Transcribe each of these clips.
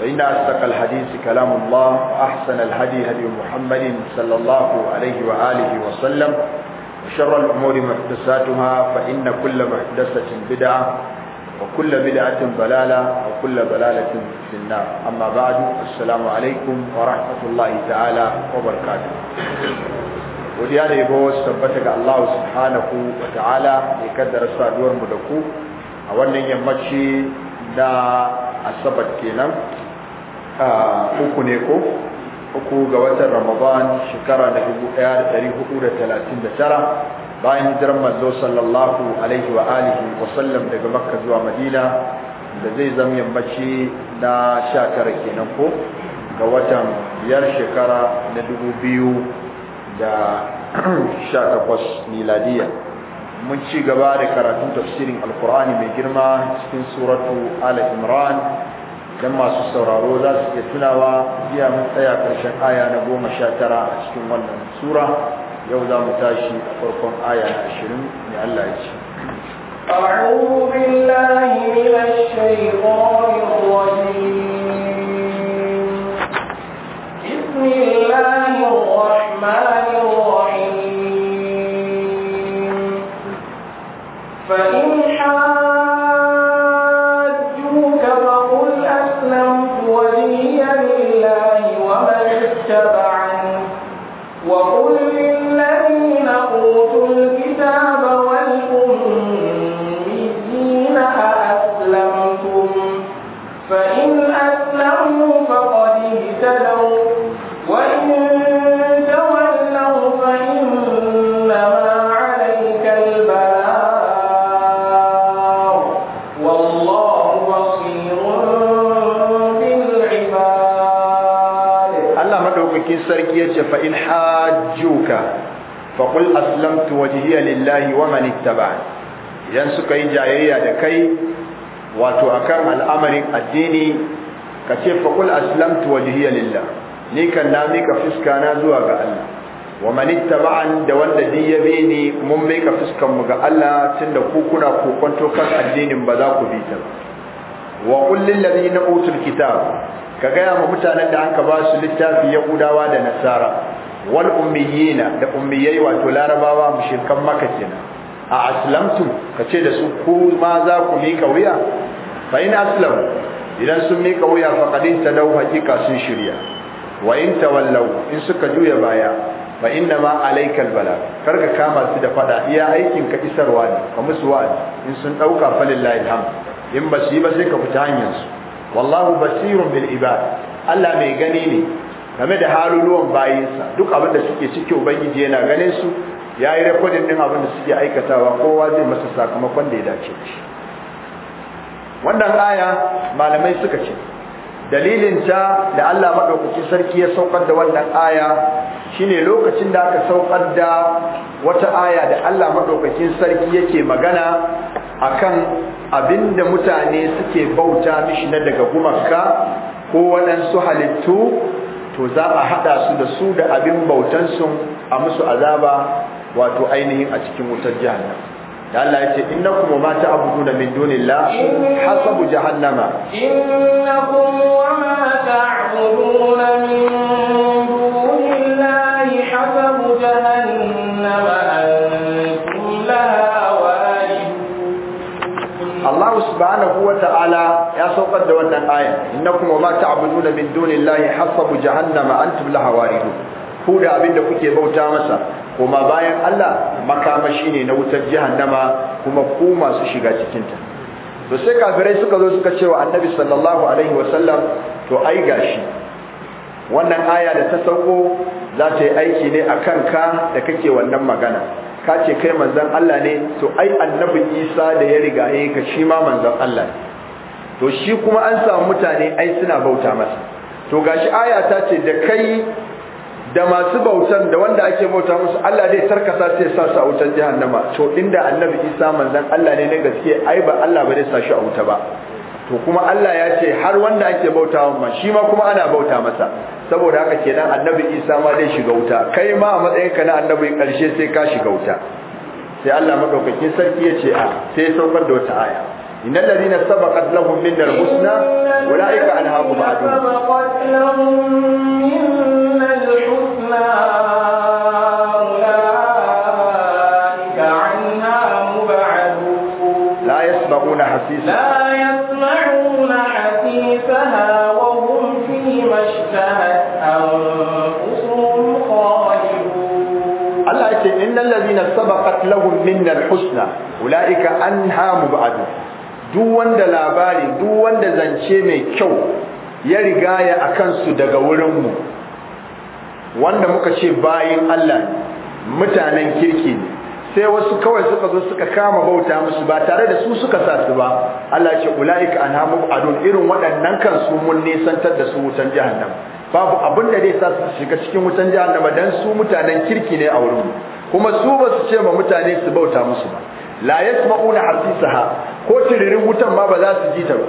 فإن أصدق الحديث كلام الله وأحسن الهدي هدي محمد صلى الله عليه وآله وسلم وشر الأمور محدثاتها فإن كل محدثة بدعة وكل بدعة ضلالة وكل ضلالة في النار أما بعد السلام عليكم ورحمة الله تعالى وبركاته godiya da yabo tabbata ga Allah subhanahu wa ta'ala ya kaddara saduwar mu da ku a wannan yammaci da asabar kenan uku ne ko uku ga watan ramadan shekara na 1439 bayan hijirar manzo sallallahu alaihi wa alihi wa sallam daga makka zuwa madina da zai zama yammaci na 19 kenan ko ga watan biyar shekara na 2018 miladiya mun ci gaba da karatun tafsirin alkur'ani mai girma cikin suratu al-imran idan masu sauraro za su iya tunawa biya mun tsaya karshen aya na goma sha tara a cikin wannan sura yau za mu tashi a farkon aya na ashirin mai Allah ya ce أعوذ بالله من الشيطان الرجيم wajhiya lillah ni kan na mika fuska na zuwa ga Allah wa man ittaba'an da wanda din ya bi ni mun mika fuskan mu ga Allah tunda ku kuna kokonto kan addinin ba za ku bi ta wa qul lil ladina utul kitab ka gaya ma mutanen da aka ba su littafi yahudawa da nasara wal ummiyina da ummiyai wato larabawa mushrikan maka kenan a aslamtu kace da su ku ma za ku mika wuya fa in aslamu idan sun mika wuya faqadin dau hakika sun shirya wa in tawallaw in suka juya baya fa inna ma alaikal bala Kar ka kama su da fada iya aikin ka isarwa ne ka musu wa'azi in sun dauka lillahi ham in ba su yi ba sai ka fita hanyar su wallahu basirun bil ibad Allah mai gani ne game da haluluwan bayinsa duk abin da suke ciki ubangiji yana ganin su yayi rekodin din abin da suke aikatawa kowa zai masa sakamakon da ya dace shi wannan aya malamai suka ce dalilin ta da Allah madaukakin sarki ya saukar da wannan aya shine lokacin da aka saukar da wata aya da Allah madaukakin sarki yake magana akan abinda mutane suke bauta mishi na daga gumakka ko waɗansu halittu to za a haɗa su da su da abin bautansu a musu azaba wato ainihin a cikin wutar jahannam da Allah ya ce innakum ma ta ta'buduna min duni la, hasabu jahannama innakum wa ma ta ta'buduna min duni la, hasabu jahannama antum laha Allah subhanahu wa ta'ala ya saukar da wannan aya innakum ma ta'buduna min duni dunillahi hasabu jahannama antum laha waridun ku da abinda kuke bauta masa kuma bayan Allah makamashi ne na wutar jahannama kuma ku masu shiga cikin ta to sai kafirai suka zo suka cewa annabi sallallahu alaihi wasallam to ai gashi wannan aya da ta sauko za ta yi aiki ne a ka da kake wannan magana ka ce kai manzon Allah ne to ai annabi Isa da ya riga yi ka shi ma manzon Allah ne to shi kuma an samu mutane ai suna bauta masa to gashi aya ta ce da kai da masu bautan da wanda ake bauta musu Allah zai tarkasa sai ya sa su a wutar jahannama to inda annabi Isa manzon Allah ne na gaske ai ba Allah ba zai sa shi a wuta ba to kuma Allah ya ce har wanda ake bautawa ma shi ma kuma ana bauta masa saboda haka kenan annabi Isa ma zai shiga wuta kai ma a matsayin ka na annabi karshe sai ka shiga wuta sai Allah madaukakin sarki ya ce a sai ya saukar da wata aya إن الذين سبقت لهم منا الحسنى أولئك أنهاهم عدو لا يسمعون حسيسها وهم فيما اشتهت أنفسهم خالدون الله يقول إن الذين سبقت لهم منا الحسنى أولئك duk wanda labari duk wanda zance mai kyau ya rigaya a kansu daga wurinmu wanda muka ce bayan Allah mutanen kirki ne sai wasu kawai suka zo suka kama bauta musu ba tare da su suka sa su ba Allah ce ulaika anhamu adun irin waɗannan kan su mun nisantar da su wutan jahannama babu abin da zai sa su shiga cikin wutan jahannama dan su mutanen kirki ne a wurin kuma su ba su ce ma mutane su bauta musu ba la yasma'una hasisaha ko tiririn wutan ma ba za su ji ta ba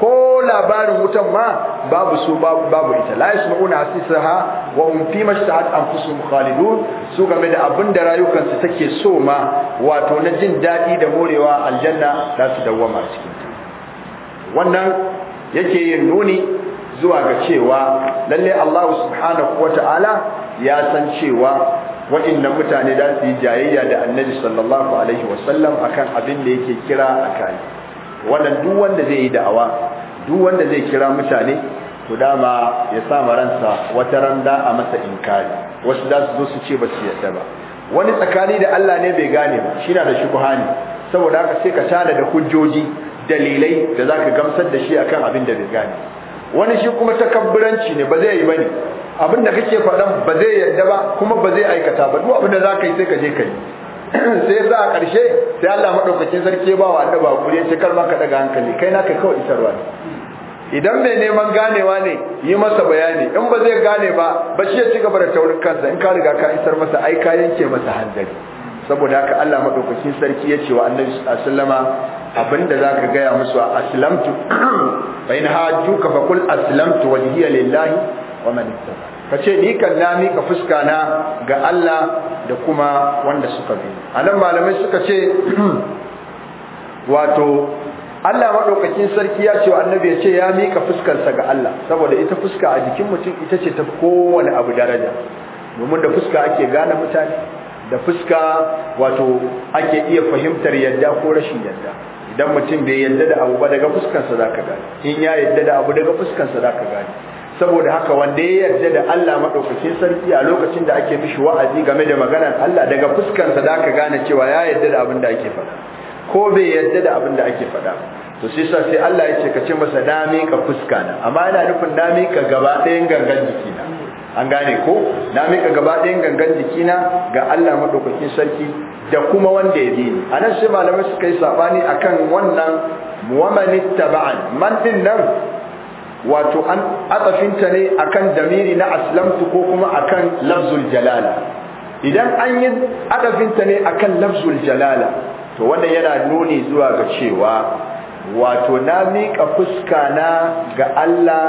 ko labarin wutan ma babu su babu ita la yasma'una asisaha wa hum fi mashtahat anfusuhum khalidun su game da abin da rayukansu take so ma wato na jin dadi da morewa aljanna za su dawwama cikin ta wannan yake yin nuni zuwa ga cewa lalle Allah subhanahu wata'ala ya san cewa waɗannan mutane da su jayayya da annabi sallallahu alaihi wasallam akan abin da yake kira a wannan duk wanda zai yi da'awa duk wanda zai kira mutane to dama ya sa ransa wata randa a masa inkari wasu za su zo su ce ba su yadda ba wani tsakani da Allah ne bai gane ba shi na da shubha saboda haka sai ka tada da hujjoji dalilai da zaka gamsar da shi akan abin da bai gane wani shi kuma takabburanci ne ba zai yi bane abin da kake faɗan ba zai yadda ba kuma ba zai aikata ba duk abin da zaka yi sai ka je ka yi sai yasa a ƙarshe sai Allah maɗaukacin sarki ya ba wa annaba hakuri ce kar ma ka daga hankali kai na kai kawai isarwa idan mai neman ganewa ne yi masa bayani in ba zai gane ba ba shi ya ci gaba da taurin kansa in ka riga ka isar masa ai ka yanke masa hanzari saboda haka Allah maɗaukacin sarki ya ce wa Annabi sallama abinda zaka gaya musu aslamtu fa hajju ka fa kul aslamtu wajhiya lillahi wa man ittaba ka ce ni kan na mika fuska na ga Allah da kuma wanda suka bi anan malamai suka ce wato Allah madaukakin sarki ya ce wa annabi ya ce ya mika fuskarsa ga Allah saboda ita fuska a jikin mutum ita ce ta kowane abu daraja domin da fuska ake gane mutane da fuska wato ake iya fahimtar yadda ko rashin yadda idan mutum bai yadda da abu ba daga fuskarsa zaka gane in ya yadda da abu daga fuskarsa zaka gane saboda haka wanda ya yarda da Allah madaukakin sarki a lokacin da ake mishi wa'azi game da maganar Allah daga fuskarsa sa zaka gane cewa ya yarda da abin da ake faɗa ko bai yarda da abin da ake faɗa to sai sa sai Allah ya ce ka ce masa na ka fuska na amma yana nufin na ka gaba ɗayan gangan jiki na an gane ko na ka gaba ɗayan gangan jiki na ga Allah madaukakin sarki da kuma wanda ya bi ni anan sai malamai suka yi sabani akan wannan wa man man din nan wato an atsafinta ne akan damiri na aslamtu ko kuma akan lafzul jalala idan an yi adafinta ne akan lafzul jalala to wannan yana nuni zuwa ga cewa wato na miƙa fuska na ga Allah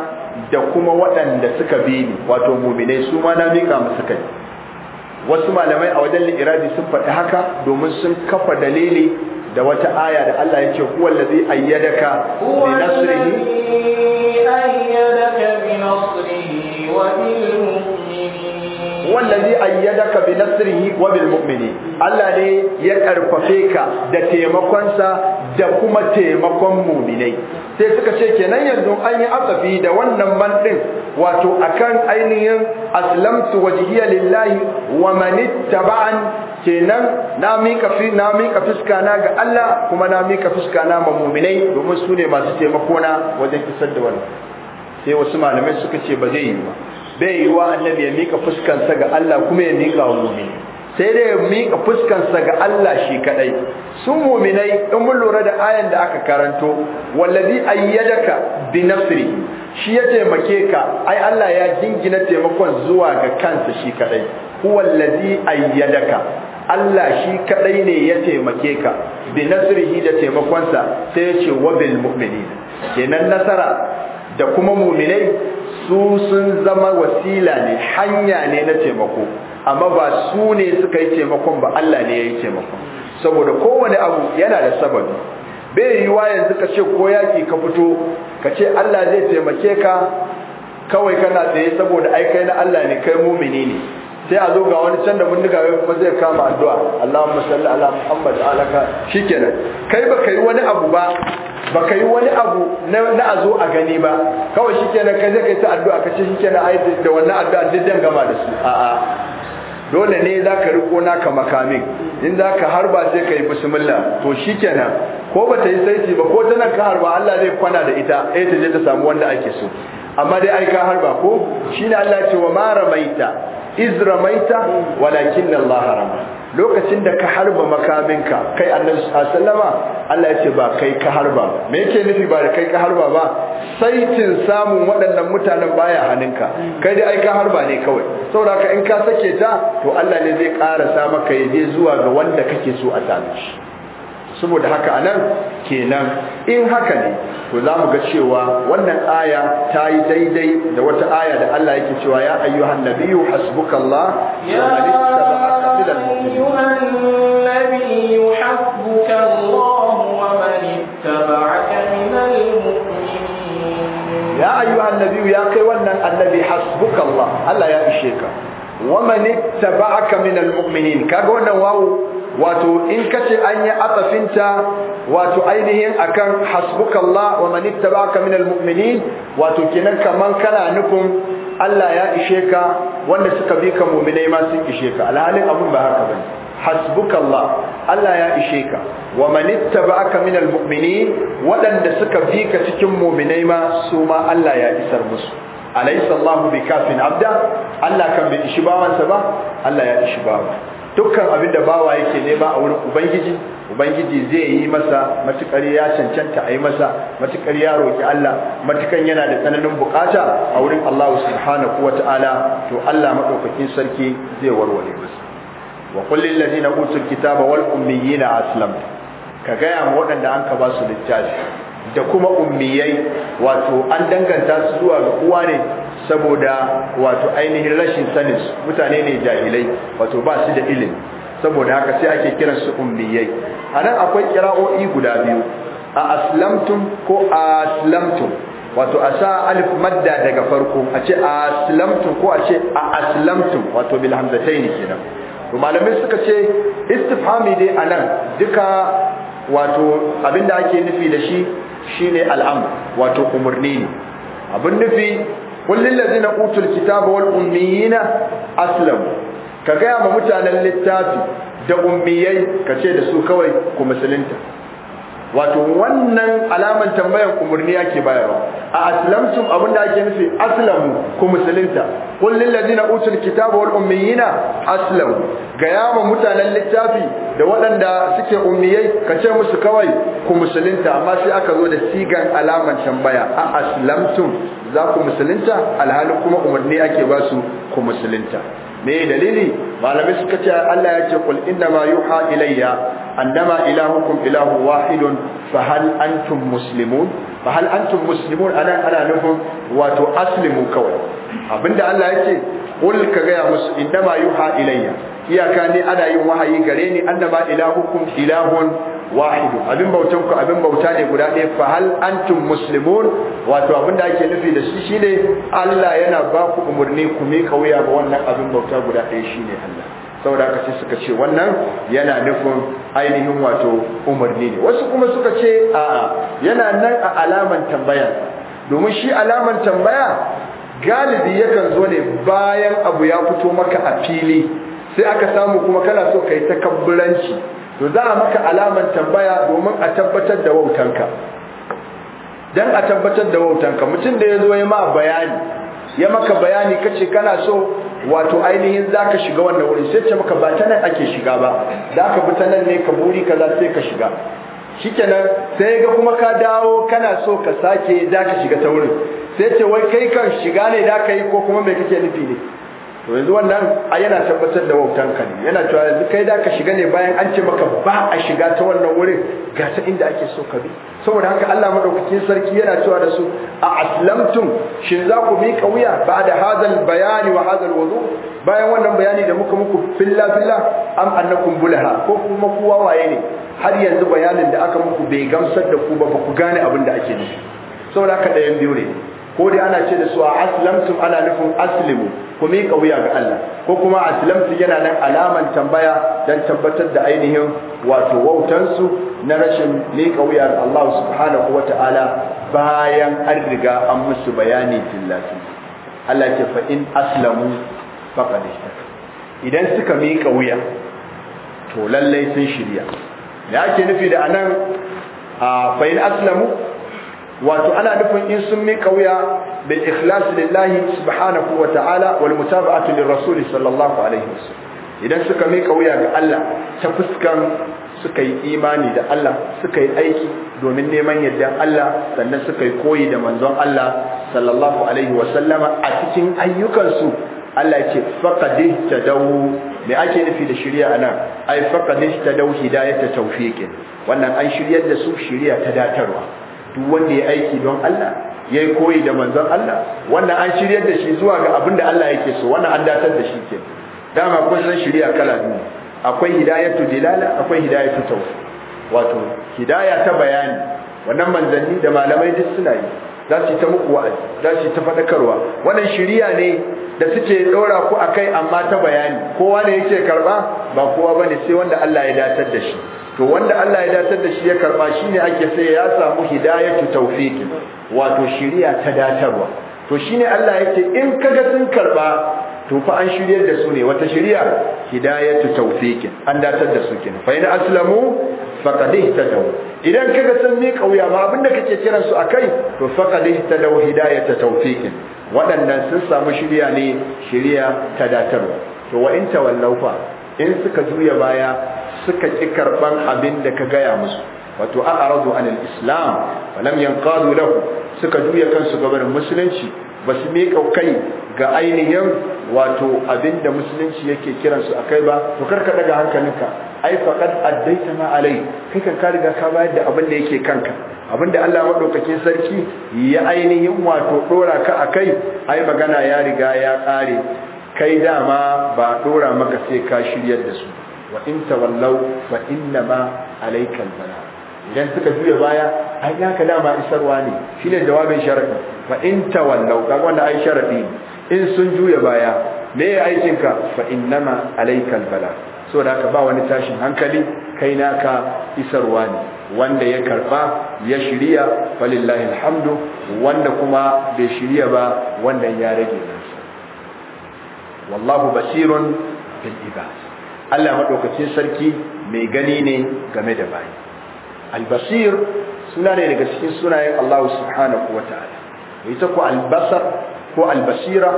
da kuma waɗanda suka bi ni wato muminai su ma na miƙa musu kai wasu malamai a wajen li'iradi sun faɗi haka domin sun kafa dalili da wata aya da Allah ya ce zai ayyadaka bi nasrihi أيدك بنصره وبالمؤمنين wallazi ayyadaka bi nasrihi wa bil mu'mini Allah ne ya karfafe ka da taimakonsa da kuma taimakon mu'minai sai suka ce kenan yanzu an yi asafi da wannan man wato akan ainihin aslamtu wajhiya lillahi wa manittaba'an kenan na mika fi na mika fuska na ga Allah kuma na mika fuska na ma mu'minai domin su ne masu taimako na wajen kisar da wannan sai wasu malamai suka ce ba zai yi ba bai yi wa annabi ya mika fuskansa ga Allah kuma ya mika wa mumini sai dai ya mika fuskansa ga Allah shi kadai Sun muminai in mun lura da ayan da aka karanto wallazi ayyadaka bi nasri shi ya taimake ka ai Allah ya jingina taimakon zuwa ga kansa shi kadai huwallazi ayyadaka Allah shi kadai ne ya taimake ka bi nasrihi da taimakonsa sai ya ce wa bil mu'minin kenan nasara da kuma muminai su sun zama wasila ne hanya ne na taimako amma ba su ne suka yi taimakon ba Allah ne ya yi taimakon saboda kowane abu yana da sababi bai wa yanzu ka ce ko yaki ka fito ka ce Allah zai taimake ka kawai kana tsaye saboda ai kai na Allah ne kai mumini ne sai a zo ga wani can da bindiga wai kuma zai kama addu'a Allahumma salli ala Muhammad alaka shikenan kai baka yi wani abu ba baka yi wani abu na a zo a gani ba kawai shikenan kai zai kai ta addu'a kace shikenan yi da wannan addu'a diddan gama da su a'a dole ne za ka riko naka makamin in za ka harba sai ka yi bismillah to shi kenan ko ba ta yi saiti ba ko tana ka harba Allah zai kwana da ita a eh, ta je ta samu wanda ake so amma dai ai ka harba ko Shi ne Allah ce wa ma ramaita iz ramaita walakin Allah rama lokacin da ka harba makaminka kai annabi sallama Allah ya ce ba kai ka harba me yake nufi ba da kai ka harba ba saitin samun waɗannan mutanen baya hannunka kai dai ai ka harba ne kawai saboda ka in ka sake ta to Allah ne zai ƙara sa maka yaje zuwa ga wanda kake so a same saboda haka anan kenan in haka ne to za mu ga cewa wannan aya ta yi daidai da wata aya da Allah yake cewa ya ayyuhan nabiyyu hasbukallah ya wa man ittaba'aka minal mu'minin ya ayyuhan nabiyyu ya kai wannan annabi hasbukallah Allah ya ishe ka wa man ittaba'aka minal mu'minin kaga wannan wawu wato in kace an yi atafinta wato ainihin akan hasbukallah wa man ittaba'aka minal mu'minin wato kenan kaman kana nufin Allah ya ishe ka wanda suka bi ka mu'minai ma sun ishe ka alhalin abun ba haka bane hasbukallah Allah ya ishe ka wa man ittaba'aka minal mu'minin wadanda suka bi ka cikin mu'minai ma su ma Allah ya isar musu alaysa Allahu bikafin abda Allah kan bi ishi bawansa ba Allah ya ishi bawansa dukkan abin da bawa yake nema a wurin ubangiji ubangiji zai yi masa matukar ya cancanta a yi masa matukar ya roki Allah matukan yana da tsananin bukata a wurin Allah subhanahu Ta'ala. to Allah madaukakin sarki zai warware masa wa qul lil ladina utul kitaba wal ummiyina aslam ka gaya ma waɗanda an ka ba su littafi da kuma ummiyai wato an danganta su zuwa ga uwa ne saboda wato ainihin rashin sanin mutane ne jahilai wato ba su da ilimi saboda haka sai ake kiran su ummiyai anan akwai kira'o'i guda biyu a aslamtum ko aslamtum wato a sa alif madda daga farko a ce aslamtum ko a ce a aslamtum wato bil hamzataini kenan to malamai suka ce istifhami dai anan duka wato abinda ake nufi da shi shine al'am wato umurni ne abin nufi qul lil ladina utul kitaba wal ummiyina aslam ka gaya ma mutanen littafi da ummiyai ka ce da su kawai ku musulunta wato wannan alaman tambayan umurni ake bayarwa a aslamtum abin da ake nufi aslamu ku musulunta qul lil ladina utul kitaba wal ummiyina aslam ga yawa mutanen littafi da waɗanda suke ummiyai ka ce musu kawai ku musulunta amma sai aka zo da sigan alaman tambaya a aslamtum za ku musulunta alhalin kuma umarni ake ba su ku musulunta me dalili malamai suka ce Allah ya ce qul inna ma yuha ilayya annama ilahukum ilahu wahidun fa hal antum muslimun fa hal antum muslimun ana ana nufin wato aslimu kawai abinda Allah yake qul ka ga musu inna ma yuha ilayya iyaka ne ana yin wahayi gare ni annama ilahukum ilahun wahidu abin bautan ku abin bauta ne guda ɗaya fa hal antum muslimun wato abin da ake nufi da shi shine Allah yana ba ku umarni ku mika kauya ga wannan abin bauta guda ɗaya shine Allah saboda haka sai suka ce wannan yana nufin ainihin wato umarni ne wasu kuma suka ce a'a yana nan a alaman tambaya domin shi alaman tambaya galibi yakan zo ne bayan abu ya fito maka a fili sai aka samu kuma kana so kai takabburanci to za a maka alaman tambaya domin a tabbatar da wautanka dan a tabbatar da wautanka mutum da ya zo ya ma bayani ya maka bayani kace kana so wato ainihin zaka shiga wannan wurin sai ce maka ba ta nan ake shiga ba ka bi ta nan ne ka buri ka za sai ka shiga shikenan sai ga kuma ka dawo kana so ka sake zaka shiga ta wurin sai ce wai kai kan shiga ne ka yi ko kuma me kake nufi ne to yanzu wannan a yana tabbatar da wautan ka ne yana cewa yanzu kai da ka shiga ne bayan an ce maka ba a shiga ta wannan wurin ga ta inda ake so ka bi saboda haka Allah madaukakin sarki yana cewa da su a aslamtum shin za ku bi kauya ba da hadal bayani wa hadal wudu bayan wannan bayani da muka muku filla filla am annakum bulaha ko kuma kowa waye ne har yanzu bayanin da aka muku bai gamsar da ku ba ba ku gane abin da ake nufi saboda haka ɗayan biyu ne ko dai ana ce da su a aslamtum ana nufin aslimu ku miƙa wuya ga Allah ko kuma aslamtu yana nan alaman tambaya dan tabbatar da ainihin wato wautan su na rashin miƙa wuyar ga Allah subhanahu wata'ala bayan an riga an musu bayani tillafi Allah ce fa in aslamu faqad idan suka miƙa wuya to lallai sun shirya me ake nufi da anan a fa in aslamu wato ana nufin in sun wuya bil ikhlas lillahi subhanahu wa ta'ala wal mutaba'atu lir rasul sallallahu alaihi wasallam idan suka mika wuya ga Allah ta fuskan suka yi imani da Allah suka yi aiki domin neman yadda Allah sannan suka yi koyi da manzon Allah sallallahu alaihi wasallama a cikin ayyukansu Allah ce faqadih tadawu me ake nufi da shirya nan, ai faqadih tadawu hidayata tawfiqin wannan an shiryar da su shirya ta datarwa duk wanda ya aiki don Allah ya yi koyi da manzon Allah wannan an shiryar da shi zuwa ga abin da Allah yake so wannan an datar da shi ke dama kun san shiriya kala biyu akwai hidayatu dilala akwai hidayatu tawfiq wato hidaya ta bayani wannan manzanni da malamai duk suna yi za su ta muku wa'azi za su ta fadakarwa wannan shiriya ne da suke dora ku akai amma ta bayani kowa ne yake karba ba kowa bane sai wanda Allah ya datar da shi to wanda Allah ya datar da shi ya karba shine ake sai ya samu hidayatu tawfiq wato shiriya ta datarwa to shine Allah yake in kaga sun karba to fa an shiryar da su ne wata shiriya hidayatu tawfiq an datar da su kin fa in aslamu faqad ihtadaw idan kaga sun mi kauya ma abinda kake kiran su akai to faqad ihtadaw hidayatu tawfiq waɗannan sun samu shiriya ne shiriya ta datarwa to wa in tawallaw fa in suka juya baya suka ki karban abin da ka gaya musu wato a aradu anil islam walam yanqadu lahu suka juya kansu gaban musulunci ba su miƙa kai ga ainihin wato abin da musulunci yake kiransu a kai ba to karka daga hankalinka ai faqad addaita ma alai kai kan ka riga ka bayar da abin da yake kanka abin da Allah madaukakin sarki ya ainihin wato dora ka akai ai magana ya riga ya kare kai dama ba dora maka sai ka shiryar da su wa in tawallaw fa innama alayka bala. idan suka juya baya ai naka dama isarwa ne shine jawabin sharadi fa in tawallaw kaga wanda ai sharadi in sun juya baya me ka? fa innama alayka So saboda ka ba wani tashin hankali kai naka isarwa ne wanda ya karba ya shirya falillahi alhamdu wanda kuma bai shirya ba wanda ya rage nasa wallahu basirun bil ibad Allah maɗaukacin sarki mai gani ne game da bayi albasir suna ne daga cikin sunayen Allah subhanahu wataala ita ko albasar ko albasira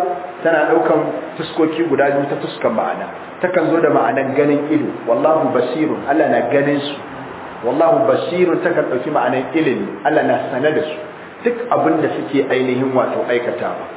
tana ɗaukan fuskoki guda biyu ta fuskan ma'ana takan zo da ma'anan ganin ido wallahu basirun Allah na ganin su wallahu basirun takan ɗauki ma'anar ilimi Allah na sanar da su duk abinda suke ainihin wato aikata ba.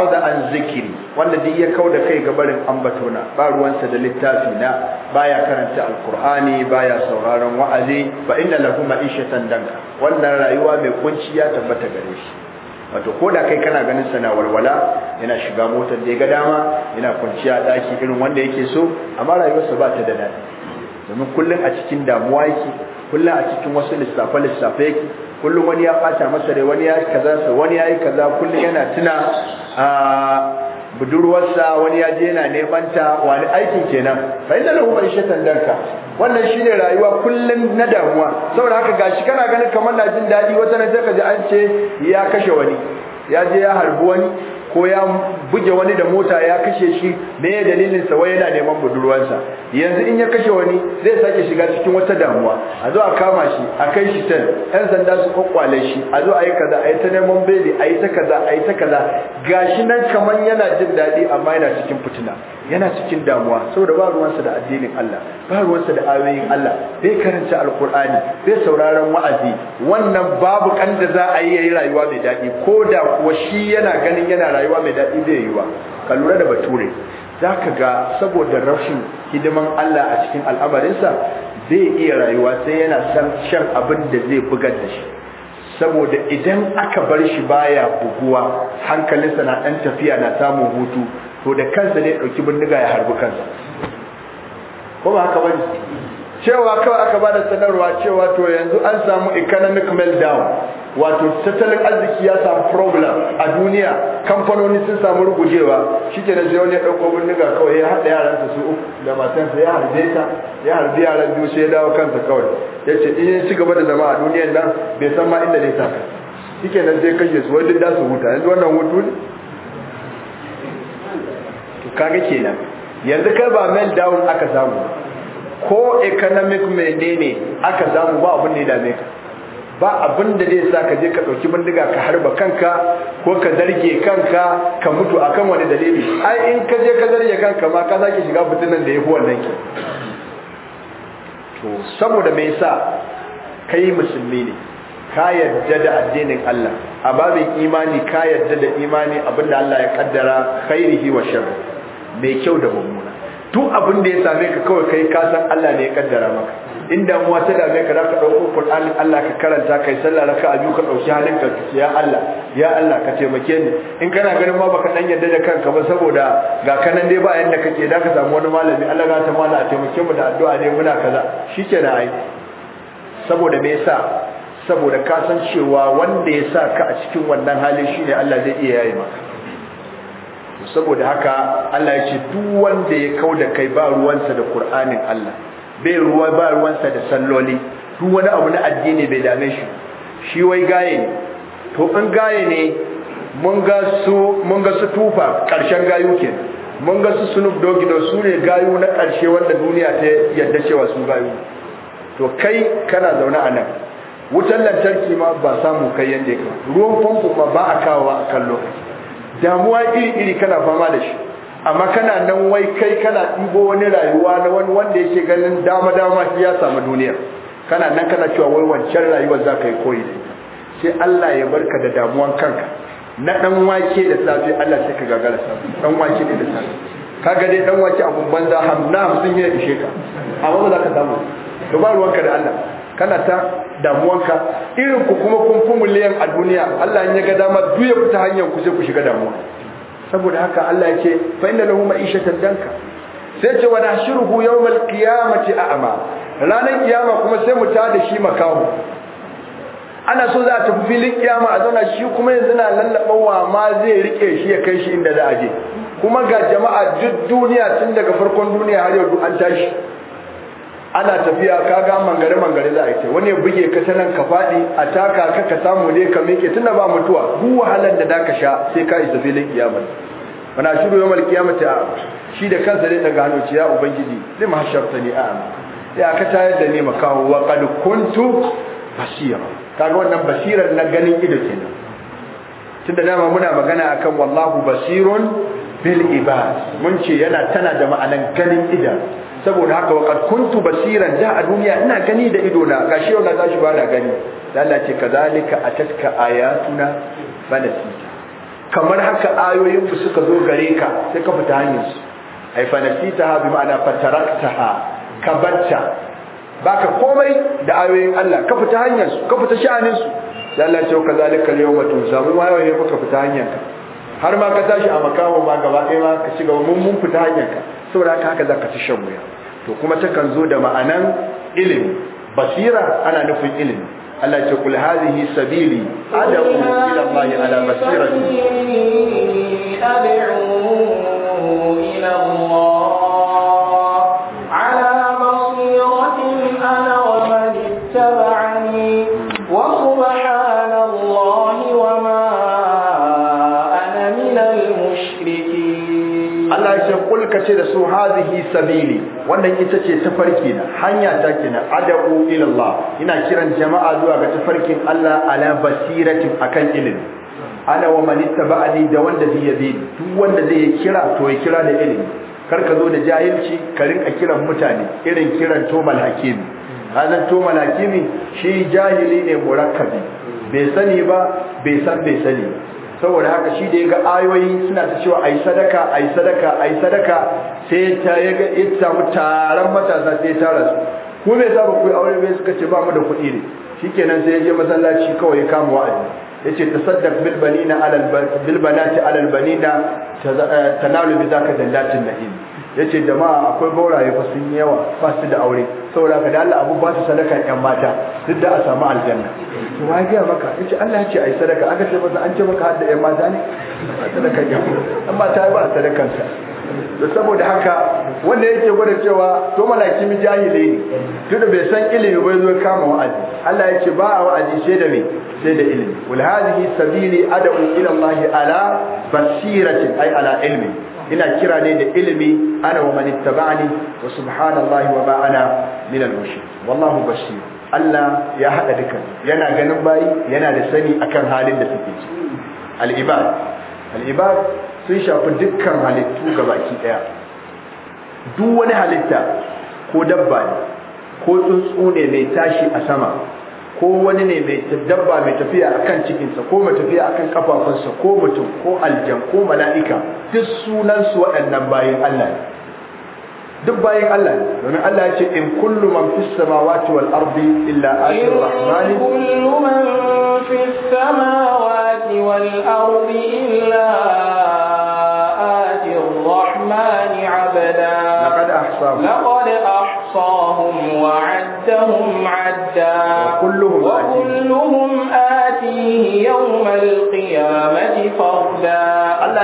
a'rada an zikri wanda duk ya da kai ga barin ambatona ba ruwansa da littafi na baya karanta alqur'ani baya sauraron wa'azi fa inna lahu ma'ishatan danka wannan rayuwa mai kunci ya tabbata gare shi wato ko da kai kana ganin sana walwala yana shiga motar da ya ga dama yana kwanciya daki irin wanda yake so amma rayuwarsa ba ta da daɗi domin kullum a cikin damuwa yake kullum a cikin wasu lissafe-lissafe yake kullum wani ya fata masa da wani ya yi kaza sa wani ya yi kaza kullum yana tuna a budurwarsa wani ya je yana neman ta wani aikin kenan fa inda lahu ma'ishatan danka wannan shine rayuwa kullum na damuwa saboda haka gashi kana ganin kamar na jin daɗi wata na sai ka ji an ce ya kashe wani ya je ya harbi wani ko ya buge wani da mota ya kashe shi me dalilinsa dalilin sa wai yana neman budurwarsa. yanzu in ya kashe wani zai sake shiga cikin wata damuwa a zo a kama shi a kai shi ta yan sanda su kwakwale shi a zo a yi kaza a yi ta neman beli a yi ta kaza a yi ta kaza gashi nan kamar yana jin daɗi amma yana cikin fitina yana cikin damuwa saboda ba ruwansa da addinin Allah ba ruwansa da ayoyin Allah bai karanta alkur'ani bai sauraron wa'azi wannan babu kan da za a yi yayin rayuwa mai daɗi ko da kuwa shi yana ganin yana rayuwa mai daɗi zai yi wa ka lura da bature Zaka ga saboda rashin hidiman Allah a cikin al'amarinsa zai iya rayuwa sai yana san shan abin da zai bugar da shi saboda idan aka bar shi baya buguwa hankalinsa na ɗan tafiya na samun hutu to da kansa ne ɗauki bindiga ya harbi kansa ko ba haka bane cewa kawai aka ba da sanarwa cewa to yanzu an samu economic meltdown wato tattalin arziki ya samu problem a duniya kamfanoni sun samu rugujewa shi ke na sai wani ya ɗauko bindiga kawai ya haɗa yaransa su uku da matansa ya harbe ta ya harbe yaran biyu sai ya dawo kansa kawai ya ce in ya ci gaba da zama a duniyan nan bai san ma inda ne ta kai shi ke na zai kashe su wani da su huta yanzu wannan hutu ne to kaga kenan yanzu kai ba meltdown aka samu ko economic menene aka zamu ba abin da dame ka ba abin da zai sa ka je ka ɗauki bindiga ka harba kanka ko ka zarge kanka ka mutu akan wani dalili ai in ka je ka zarge kanka ma ka zaki shiga fitinan da ya fi wannan ki to saboda me yasa kai musulmi ne ka yarda da addinin Allah a babin imani ka yarda da imani abinda Allah ya kaddara khairihi wa sharri mai kyau da mummuna Tun abin da ya same ka kawai kai kasan Allah ne ya kaddara maka in damuwa ta dame ka zaka dauko Qur'anin Allah ka karanta kai sallah raka a ka dauki halin ka ya Allah ya Allah ka taimake ni in kana ganin ma baka dan yarda da kanka ba saboda ga kanan dai ba yanda kake da ka samu wani malami Allah ga ta mala a taimake mu da addu'a ne muna kaza shikenan ai saboda me yasa saboda ka san cewa wanda ya sa ka a cikin wannan halin shine Allah zai iya yayi maka saboda haka Allah ya ce duk wanda ya kau da kai ba ruwansa da Qur'anin Allah bai ruwa ba ruwansa da salloli duk wani abu na addini bai dame shi shi wai gaye ne to in gaye ne mun ga su mun ga su tufa karshen gayu ke mun ga su sunub dogi da su ne gayu na karshe wanda duniya ta yadda cewa su gayu to kai kana zaune a nan wutar lantarki ma ba samu kai yanda ya ruwan famfo ma ba a kawo a kan lokaci damuwa iri-iri kana fama da shi amma kana nan wai kai kana ɗibo wani rayuwa na wani wanda yake ganin dama-dama shi ya samu duniya kana nan kana cewa wai wancan rayuwa za ka yi koyi da ita sai Allah ya barka da damuwan kanka na ɗan wake da safe Allah sai ka gagara safe ɗan wake ne da safe Ka dai ɗan wake abun banza hamna hamsin ya ishe ka amma ba za ka samu to ba ruwanka da Allah kana ta damuwanka irin ku kuma kun fi miliyan a duniya Allah ya ga dama duk ya fita hanyar ku sai ku shiga damuwa saboda haka Allah ya ce fa inna lahu ma'ishatan danka sai ce wa shiruhu yawmal qiyamati a'ma ranar kiyama kuma sai mu ta da shi makamu ana so za a tafi filin kiyama a zauna shi kuma yanzu na lallaba wa ma zai rike shi ya kai shi inda za a je kuma ga jama'a duk duniya tun daga farkon duniya har yau an tashi ana tafiya ka ga mangare mangare za a ce wani buge ka sanan ka faɗi a taka ka ka samu ne ka meke tunda ba mutuwa bu wahalar da daka sha sai ka isa filin kiyama wana shiru mal kiyamati ta, shi da kansa zai daga hannu ciya ubangiji zai ma ne a ya ka tayar da ni makawo wa qad kuntu basira ga wannan basirar na ganin ido kenan tunda dama muna magana akan wallahu basirun bil ibad mun ce yana tana da ma'anar ganin ido saboda haka wa kad kuntu basiran da a duniya ina gani da ido na gashi yau na ba na gani da Allah ce kazalika atatka ayatuna fanasita kamar haka ayoyin ku suka zo gare ka sai ka fita hanyar su ai fanasita bi ma'ana fataraktaha ka barta baka komai da ayoyin Allah ka fita hanyar su ka fita sha'anin su sai Allah ce kazalika yawma tunsa mu ma ka fita hanyar ka har ma ka tashi a makawo ma gaba ɗaya ma ka shiga mun mun fita hanyar ka saboda haka haka zaka ci shan wuya to kuma takan zo da ma'anan ilimi basira ana nufin ilimi Allah ce kul hadhihi sabili adu ila Allah ala basirati ce da su hazihi sabili wannan ita ce tafarki na hanya ta kenan ad'u ilallah ilallah ina kiran jama'a zuwa ga tafarkin Allah ala basiratin akan ilimi ana wa man ittaba'ani da wanda zai yabi duk wanda zai kira to ya kira da ilimi kar ka zo da jahilci ka rinka kiran mutane irin kiran tomal hakimi hazan tomal hakimi shi jahili ne murakkabi bai sani ba bai san bai sani saboda haka shi da ya ga ayoyi suna ta cewa ai sadaka ai sadaka ai sadaka sai ta ya ga ita samu taron matasa sai ya tara su ko bai saba ku aure bai suka ce ba mu da kuɗi ne kenan sai ya je masallaci kawai ya kama wa'azi yace tasaddaq bil banina alal bil banati alal banina eh, tanalu bi zaka dallatin na'im yace jama'a akwai gauraye fa sun yawa ba su da aure saboda ka da Allah abu ba su sadaka yan mata duk da a samu aljanna to wai ga maka yace Allah ce ai sadaka aka ce maza an ce maka har da yan mata ne sadaka ƴan amma ta ba sadakan ta to saboda haka wanda yake gwada cewa to malaki mi jahili ne tunda bai san ilimi ba zo kama wa'azi Allah ce ba a wa'azi sai da me sai da ilimi wal hadhihi sabili ad'u ila Allah ala basiratin ay ala ilmi ina kira ne da ilimi ana wa mani taba'ani wa subhanallahi wa ba'ana min al-mushrik wallahu basir Allah ya hada duka yana ganin bayi yana da sani akan halin da suke ciki al-ibad al-ibad sun shafi dukkan halittu gabaki daya duk wani halitta ko dabba ko tsuntsu ne mai tashi a sama ko wani ne mai dabba mai tafiya a kan cikinsa ko mai tafiya akan kafafunsa ko mutum ko aljan ko mala'ika duk sunansu waɗannan bayan Allah ne duk bayan Allah ne domin Allah ya ce in kullu man fis samawati wal illa atir rahmani kullu man wal illa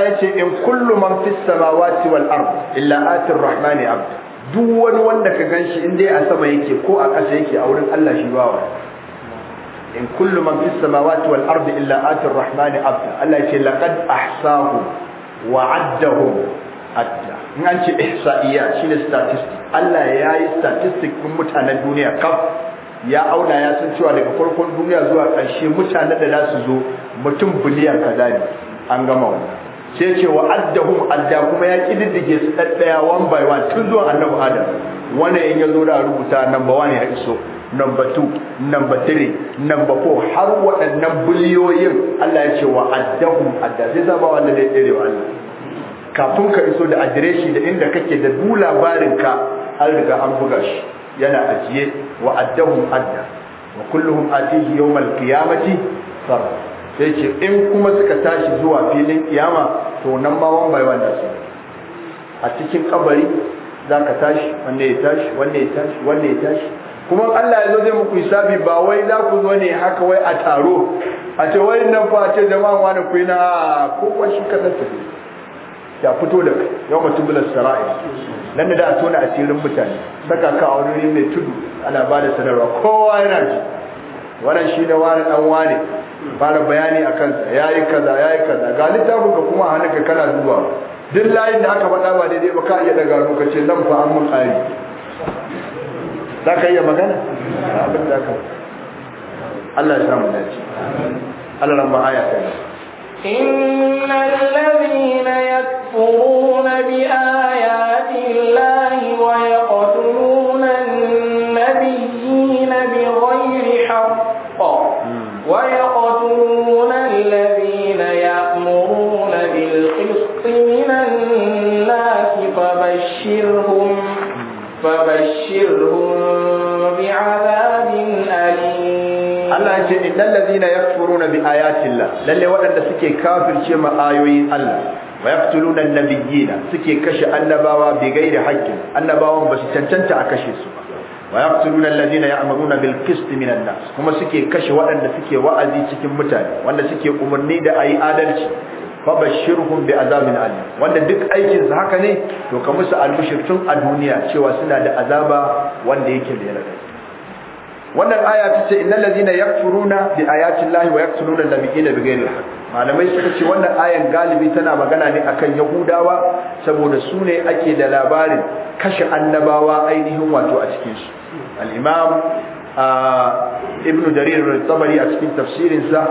ya ce in kullu man fis samawati wal ard illa ati arrahmani abd duk wani wanda ka ganshi in dai a sama yake ko a ƙasa yake a wurin Allah shi bawa in kullu man fis samawati wal ard illa ati arrahmani abd Allah ce laqad ahsahu wa addahu adda in an ce ihsa'iya shine statistics Allah ya yi statistics din mutanen duniya kaf ya auna ya san cewa daga farkon duniya zuwa ƙarshe mutanen da za su zo mutum biliyan kaza ne an gama wannan sai ce wa addahum adda kuma ya kididdige su daddaya one by one tun zuwa annabi adam wannan in ya zo da rubuta number 1 ya iso number 2 number 3 number 4 har waɗannan biliyoyin Allah ya ce wa addahum adda sai zaba wanda zai tsere wa Allah kafin ka iso da adireshi da inda kake da du labarin ka an riga an buga shi yana ajiye wa addahum adda wa kulluhum atihi yawmal qiyamati sarra sai ce in kuma suka tashi zuwa filin kiyama to nan ma wan bai wanda su a cikin kabari za ka tashi wanne ya tashi wanne ya tashi wanne ya tashi kuma Allah ya zo zai muku hisabi ba wai za ku zo ne haka wai a taro a ce wai nan fa a ce jama'an wani ku na kowa shi ka zata ya fito da kai yau mutum bilas sara'i nan da da a tona a cikin mutane saka ka a wani mai tudu ana ba da sanarwa kowa yana ji wannan shi da wani dan wane fara bayani a kansa ya yi kaza ya yi kaza ga littafin ka kuma ka kana duba duk layin da aka faɗa ba daidai ba ka iya daga ka ce nan fa an mun ƙari za ka iya magana abin da ka Allah ya samu dace Allah ran ba aya ta إن الذين يكفرون بآيات الله ويقتلون النبيين بغير حق Waya lallai waɗanda suke kafirce ma'ayoyin Allah ba ya fito nuna suke kashe annabawa bigai da haƙƙin annabawan ba su cancanta a kashe su ba wa yaqtuluna alladhina ya'muruna bil qist min nas kuma suke kashe waɗanda suke wa'azi cikin mutane wanda suke umarni da ayi adalci fabashirhum bi azabin alim wanda duk aikin haka ne to ka musu albishir tun a duniya cewa suna da azaba wanda yake da wannan aya ta ce innal ladina yakfuruna bi ayati llahi wa yaqtuluna an-nabiyina bighayri malamai suka ce wannan ayan galibi tana magana ne akan yahudawa saboda su ne ake da labarin kashe annabawa ainihin wato a cikin su al-imam ibn jarir al-tabari a cikin tafsirin sa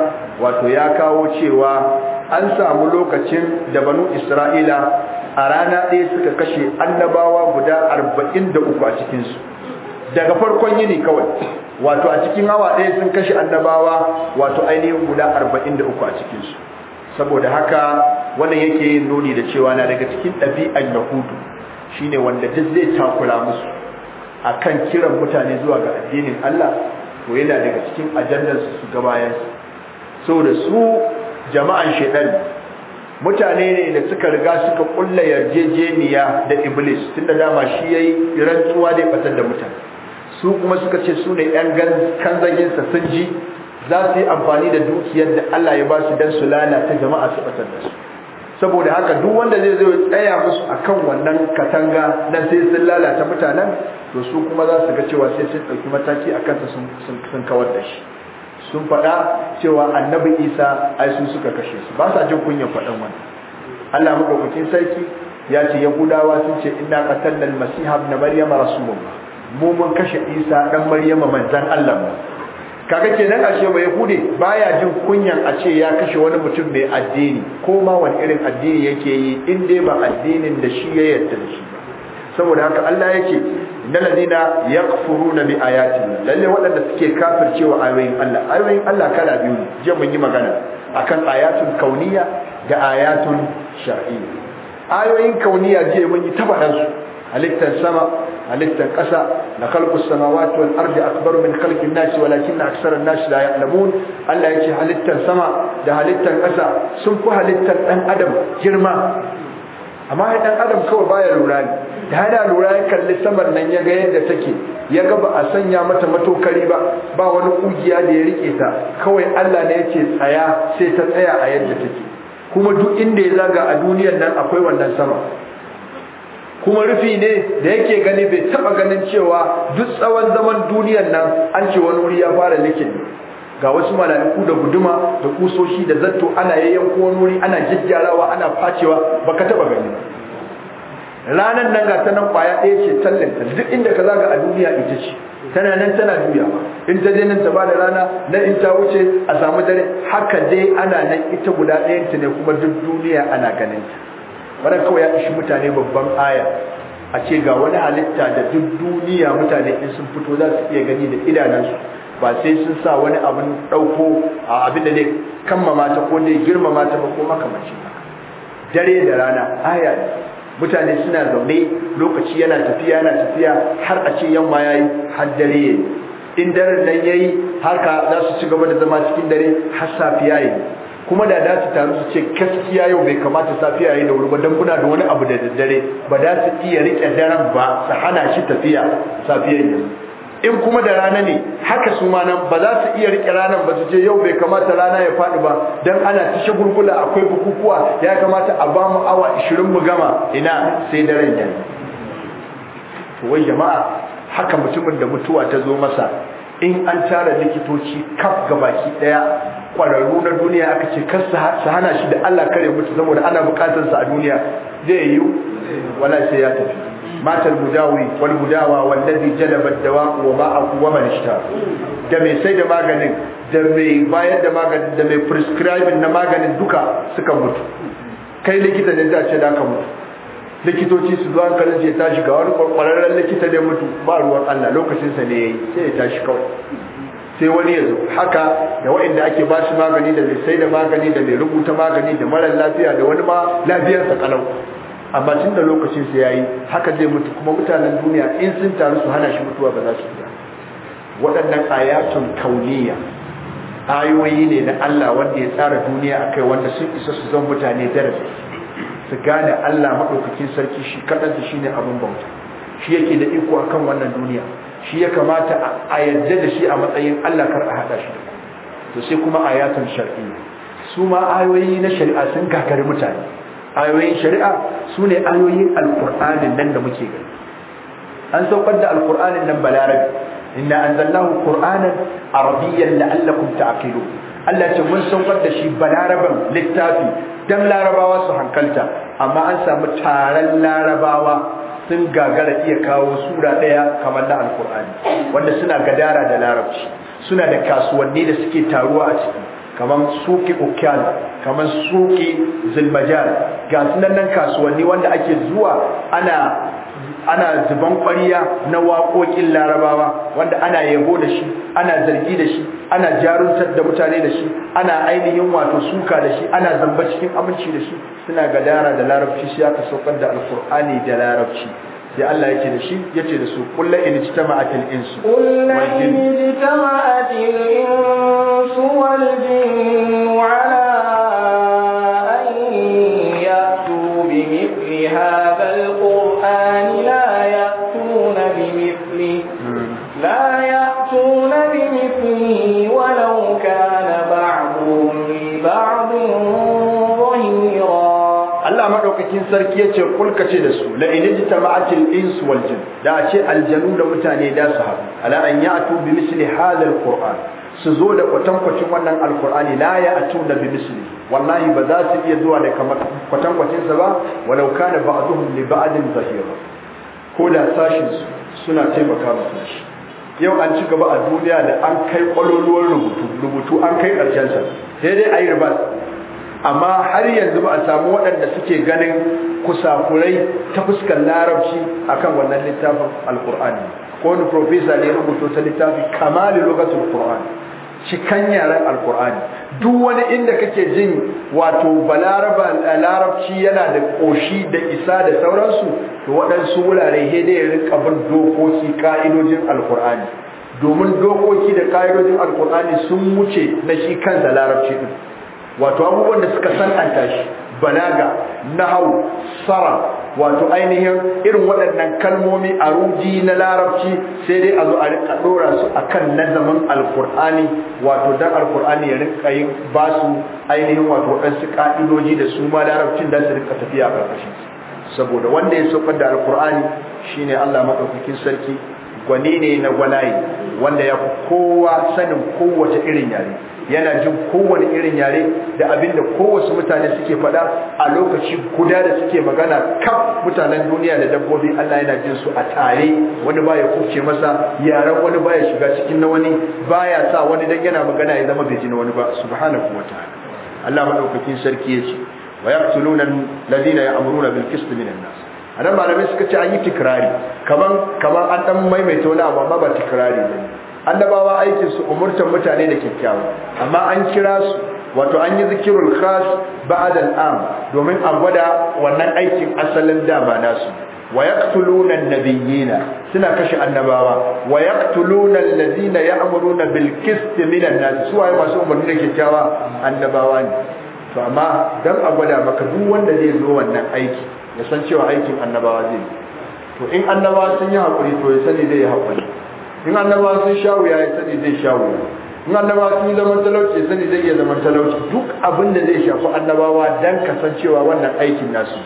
wato ya kawo cewa an samu lokacin da banu isra'ila a rana ɗaya suka kashe annabawa guda 43 a cikin su daga farkon yini kawai wato a cikin hawa ɗaya sun kashe annabawa wato ainihin guda arba'in da uku a cikinsu saboda haka wannan yake yin nuni da cewa na daga cikin ɗabi'an yahudu shine wanda duk zai takura musu A kan kiran mutane zuwa ga addinin Allah to yana daga cikin ajandar su ga bayan Sau da su jama'an shaidan, mutane ne da suka riga suka kulla yarjejeniya da iblis tun da dama shi yayi rantsuwa da ya batar da mutane su kuma suka ce su ne yan kanzaginsa sun ji za su yi amfani da dukiyar da Allah ya ba su dan su lalata jama'a su batar da su saboda haka duk wanda zai zai tsaya musu kan wannan katanga na sai sun lalata mutanen to su kuma za su ga cewa sai sun ɗauki mataki a kansa sun kawar da shi sun faɗa cewa annabi isa ai sun suka kashe su ba sa jin kunyan faɗan wannan Allah maɗaukakin sarki ya ce yahudawa sun ce inna qatalna masiha masihab ibn maryam rasulullah mu mun kashe isa dan maryama manzan allah mu. kaga kenan ashe ba yahudi baya jin kunyan a ce ya kashe wani mutum mai addini ko ma wani irin addini yake yi in dai ba addinin da shi ya yarda da shi saboda haka Allah yake furu yakfuruna bi ayati lalle waɗanda suke kafircewa ayoyin Allah ayoyin Allah kala biyu ne je mun yi magana akan ayatun kauniya da ayatun shar'iyya ayoyin kauniya je mun yi tabaran su halittar sama halittar ƙasa na khalqus samawati wal ardi akbaru min kalkin nashi walakin aktharun nasi la ya'lamun Allah ce halittar sama da halittar ƙasa sun fi halittar ɗan adam girma amma ya ɗan adam kawai baya lura ne da hana lura ya kalli samar nan ya ga yadda take ya ga ba a sanya mata matokari ba ba wani ƙugiya da ya rike ta kawai Allah ne yake tsaya sai ta tsaya a yadda take kuma duk inda ya zaga a duniyar nan akwai wannan sama kuma rufi ne da yake gani bai taba ganin cewa duk tsawon zaman duniyar nan an ce wani wuri ya fara likin ga wasu malaliku da guduma da kusoshi da zatto ana yayyan wani wuri ana jajjarawa ana facewa baka taba gani ranar nan ga tanan kwaya ɗaya ce tallanta duk inda ka zaga a duniya ita ce tana nan tana duniya in ta je nan ta bada rana na in ta wuce a samu dare haka dai ana nan ita guda ɗayanta ne kuma duk duniya ana ganinta. wannan kawai ya ishi mutane babban aya a ce ga wani halitta da duk duniya mutane in sun fito za su iya gani da idanansu ba sai sun sa wani abin ɗauko a abin da dai kammama ta ko dai girmama ta ba ko makamacin dare da rana aya ne mutane suna zaune lokaci yana tafiya yana tafiya har a ce yamma yi, har dare yi in daren nan ya yi, har ka za su ci gaba da zama cikin dare har safiya yi kuma da da su taru su ce gaskiya yau bai kamata safiya yayin da wuri ba dan kuna da wani abu da daddare ba da su iya rike daren ba su hana shi tafiya safiyar yanzu in kuma da rana ne haka su ma nan ba za su iya rike ranar ba su ce yau bai kamata rana ya faɗi ba dan ana ta shagulgula akwai bukukuwa ya kamata a ba mu awa 20 mu gama ina sai daren yayi to wai jama'a haka mutumin da mutuwa ta zo masa in an tara likitoci kaf ga baki daya kwararru na duniya aka ce kar su hana shi da Allah kare mutu saboda ana bukatar sa a duniya zai yi wala sai ya tafi matal mudawi wal mudawa wallazi jalaba dawa wa ba'ahu wa man da mai sai da maganin da mai bayar da maganin da mai prescribing na maganin duka suka mutu kai likita ne za ce da ka mutu likitoci su zuwa kanin ya tashi ga wani kwararren likita da mutu ba ruwan Allah lokacinsa ne ya yi sai ya tashi kawai sai wani ya zo haka da wa'inda ake ba shi magani da mai sai da magani da mai rubuta magani da marar lafiya da wani ma sa kalau amma tun da lokacinsa ya yi haka zai mutu kuma mutanen duniya in sun taru su hana shi mutuwa ba za su iya waɗannan ayatun kauniya ayoyi ne na Allah wanda ya tsara duniya akai wanda sun isa su zan mutane darasi su gane Allah maɗaukakin sarki shi da shi ne abin bauta shi yake da iko akan wannan duniya shi ya kamata a yadda da shi a matsayin Allah kar a haɗa shi da ku. to sai kuma ayatun shar'iyya su ma ayoyi na shari'a sun kakari mutane ayoyin shari'a su ne ayoyin alƙur'anin nan da muke gani an saukar da alƙur'anin nan balarabi inna anzalnahu qur'anan arabiyyan la'allakum ta'qilun Allah ce mun saukar da shi balaraban littafi dan larabawa su hankalta amma an samu taron larabawa sun gagara iya kawo sura daya kamar na alkur'ani wanda suna gadara da larabci suna da kasuwanni da suke taruwa a ciki kamar suke ukyal kamar suki zilmajal ga sunan nan kasuwanni wanda ake zuwa ana ana zuban ƙwariya na waƙoƙin larabawa wanda ana yabo da shi ana zargi da shi ana jaruntar da mutane da shi ana ainihin wato suka da shi ana zamba cikin aminci da shi suna gadara da larabci shi aka saukar da alkur'ani da larabci sai Allah yake da shi yace da su kullu in jitama'atil insu kullu in jitama'atil insu wal jinni sarki yace kulka ce da su la in jitama'atil ins wal jin da ce aljanu da mutane da su haɗu ala an ya'tu bi misli hadha alquran su zo da kwatankwacin wannan alqurani la ya'tu da bi misli wallahi ba za su iya zuwa da kamar kwatankwacin sa ba walau kana ba'dhum li ba'din zahira ko da sashin su suna taimaka musu yau an ci gaba a duniya da an kai kwaloluwar rubutu rubutu an kai karshen sa sai dai ayi rubutu amma har yanzu ba a samu waɗanda suke ganin kusakurai ta fuskar larabci a kan wannan littafin alkur'ani ko wani profesa ne rubuto ta littafi kamali lokacin Kur'ani. cikan yaren alkur'ani duk wani inda kake jin wato balaraba larabci yana da ƙoshi da isa da sauransu to waɗansu wurare he dai rinka dokoki ka'idojin alkur'ani domin dokoki da ka'idojin alkur'ani sun wuce na shi kansa larabci din wato abubuwan da suka san'anta shi balaga nahau sara wato ainihin irin waɗannan kalmomi a ruji na larabci sai dai a zo a rika dora su akan nazamin alkur'ani wato dan alkur'ani ya rika yin ba ainihin wato waɗansu ka'idoji da su ma larabcin da su rika tafiya a ƙarƙashin saboda wanda ya saukar da alkur'ani shine Allah madaukakin sarki gwani ne na gwanaye wanda ya fi kowa sanin kowace irin yare yana jin kowane irin yare da abinda da kowace mutane suke faɗa a lokaci guda da suke magana kaf mutanen duniya da dabbobi Allah yana jin su a tare wani baya kuce masa yaren wani baya shiga cikin na wani baya sa wani dan yana magana ya zama bai ji na wani ba subhanahu wataala Allah madaukakin sarki ya ce wa yaqtuluna alladhina ya'muruna bil qist an nas anan malamai suka ce an yi tikrari kaman kaman an dan maimaita wani amma ba tikrari bane annabawa aikin su umurtan mutane da kyakkyawa amma an kira su wato an yi zikirul khas ba'da al'am domin a gwada wannan aikin asalin dama nasu wa yaqtuluna an-nabiyina suna kashe annabawa wa yaqtuluna alladhina ya'muruna bil qist minan nas su waye masu umarni da kyakkyawa annabawa ne to amma dan a gwada maka duk wanda zai zo wannan aiki ya san cewa aikin annabawa zai to in annabawa sun yi hakuri to ya sani zai yi hakuri in annaba sun sha wuya ya sani zai sha wuya in annaba sun zaman talauci ya sani zai iya zaman talauci duk abin da zai shafi annabawa dan kasancewa wannan aikin nasu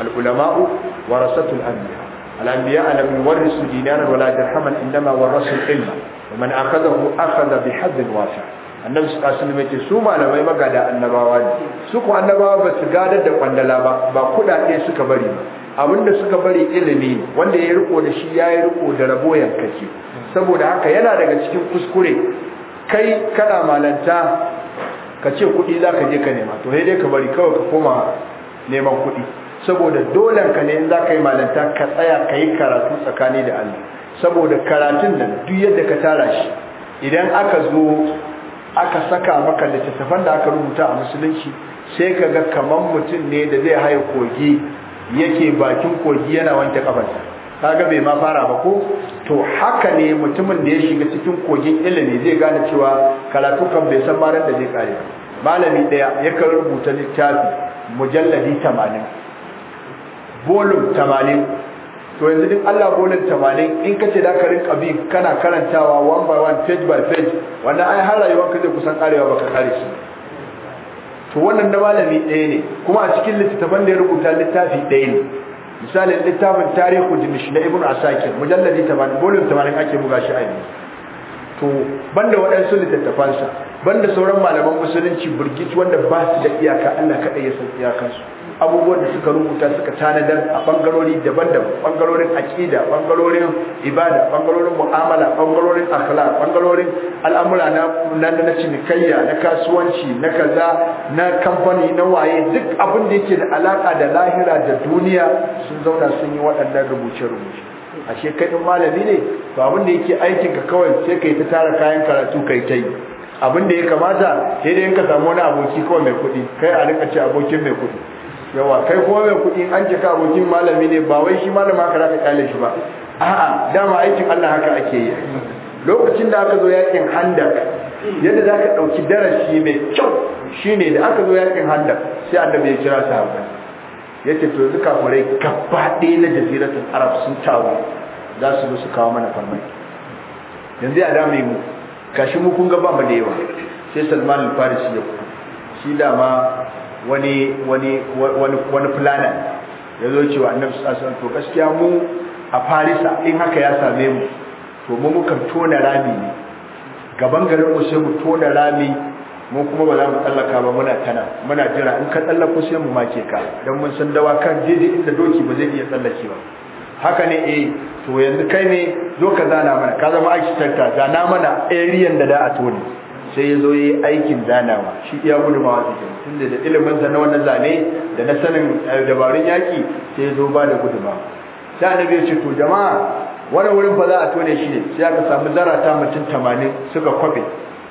al-ulama'u warasatul anbiya الأنبياء لم يورثوا دينارا ولا درهما إنما ورثوا العلم ومن أخذه أخذ بحد واسع annabi su kasu ne mace su malamai magada annabawa ne su ko annabawa ba su gadar da kwandala ba ba kuɗaɗe suka bari ba abinda suka bari ilimi wanda ya riko da shi ya yi riko da rabo yankace saboda haka yana daga cikin kuskure kai kana malanta ka ce kuɗi za ka je ka nema to sai dai ka bari kawai ka koma neman kuɗi saboda dolen ka ne in za ka yi malanta ka tsaya ka yi karatu tsakani da Allah saboda karatun da duk yadda ka tara shi idan aka zo aka saka maka littattafan da aka rubuta a musulunci sai ka ga kaman mutum ne da zai haye kogi yake bakin kogi yana wanke kafarsa kaga bai ma fara ba ko to haka ne mutumin da ya shiga cikin kogin ilimi zai gane cewa karatu kan bai san marar da zai kare malami daya kan rubuta littafi mujalladi 80 volume 80 to yanzu din Allah volume tamanin in kace da ka rinka bi kana karantawa one by one page by page wannan ai har rayuwar ka zai kusan karewa baka kare shi to wannan da malami ɗaya ne kuma a cikin littattafan da ya rubuta littafi ɗaya ne misalin littafin tarihu dinish na ibnu asakir mujalladi 80 volume 80 ake buga shi a yanzu to banda waɗansu littattafansa banda sauran malaman musulunci burgit wanda ba su da iyaka Allah kaɗai ya san iyakansu abubuwan da suka rubuta suka tanadar a bangarori daban-daban bangarorin aqida bangarorin ibada bangarorin mu'amala bangarorin akhlaq bangarorin al'amura na na cinikayya na kasuwanci na kaza na kamfani na waye duk abin da yake da alaka da lahira da duniya sun zauna sun yi waɗannan rubuce-rubuce ashe kai malami ne to abin da yake aikin ka kawai sai kai ta tara kayan karatu kai ta yi abin da ya kamata sai dai in ka samu wani aboki kawai mai kuɗi kai a rika ce abokin mai kuɗi yawa kai kuma mai kuɗi an cika abokin malami ne ba wai shi malama ka zaka kyale shi ba a'a dama aikin Allah haka ake yi lokacin da aka zo yakin handak yadda za ka ɗauki darasi mai kyau shine da aka zo yakin handa sai annabi ya kira sahabbai yace to yanzu kafirai gaba ɗaya na jaziratul arab sun taru za su zo su kawo mana farmaki yanzu ya dame mu kashi mu kun ga ba mu da yawa sai Salman al-Farisi ya shi dama wani wani wani planet ya zo cewa annabi sallallahu alaihi to gaskiya mu a farisa in haka ya same mu to mu muka tona rami ne gaban garin mu sai mu tona rami mu kuma ba za mu tsallaka ba muna tana muna jira in ka tsallako sai mu make ka dan mun san dawa kan jeje inda doki ba zai iya tsallake ba haka ne eh to yanzu kai ne zo ka zana mana ka zama tarta zana mana area da da a tona sai ya zo yi aikin zanawa shi iya gudumawa su ke tun da iliminsa na wannan zane da na sanin eh, dabarun yaki sai ya zo ba da gudumawa sai annabi ya ce to jama'a wani wurin ba za a tone shi ne sai aka samu zarata mutum tamanin suka kwafe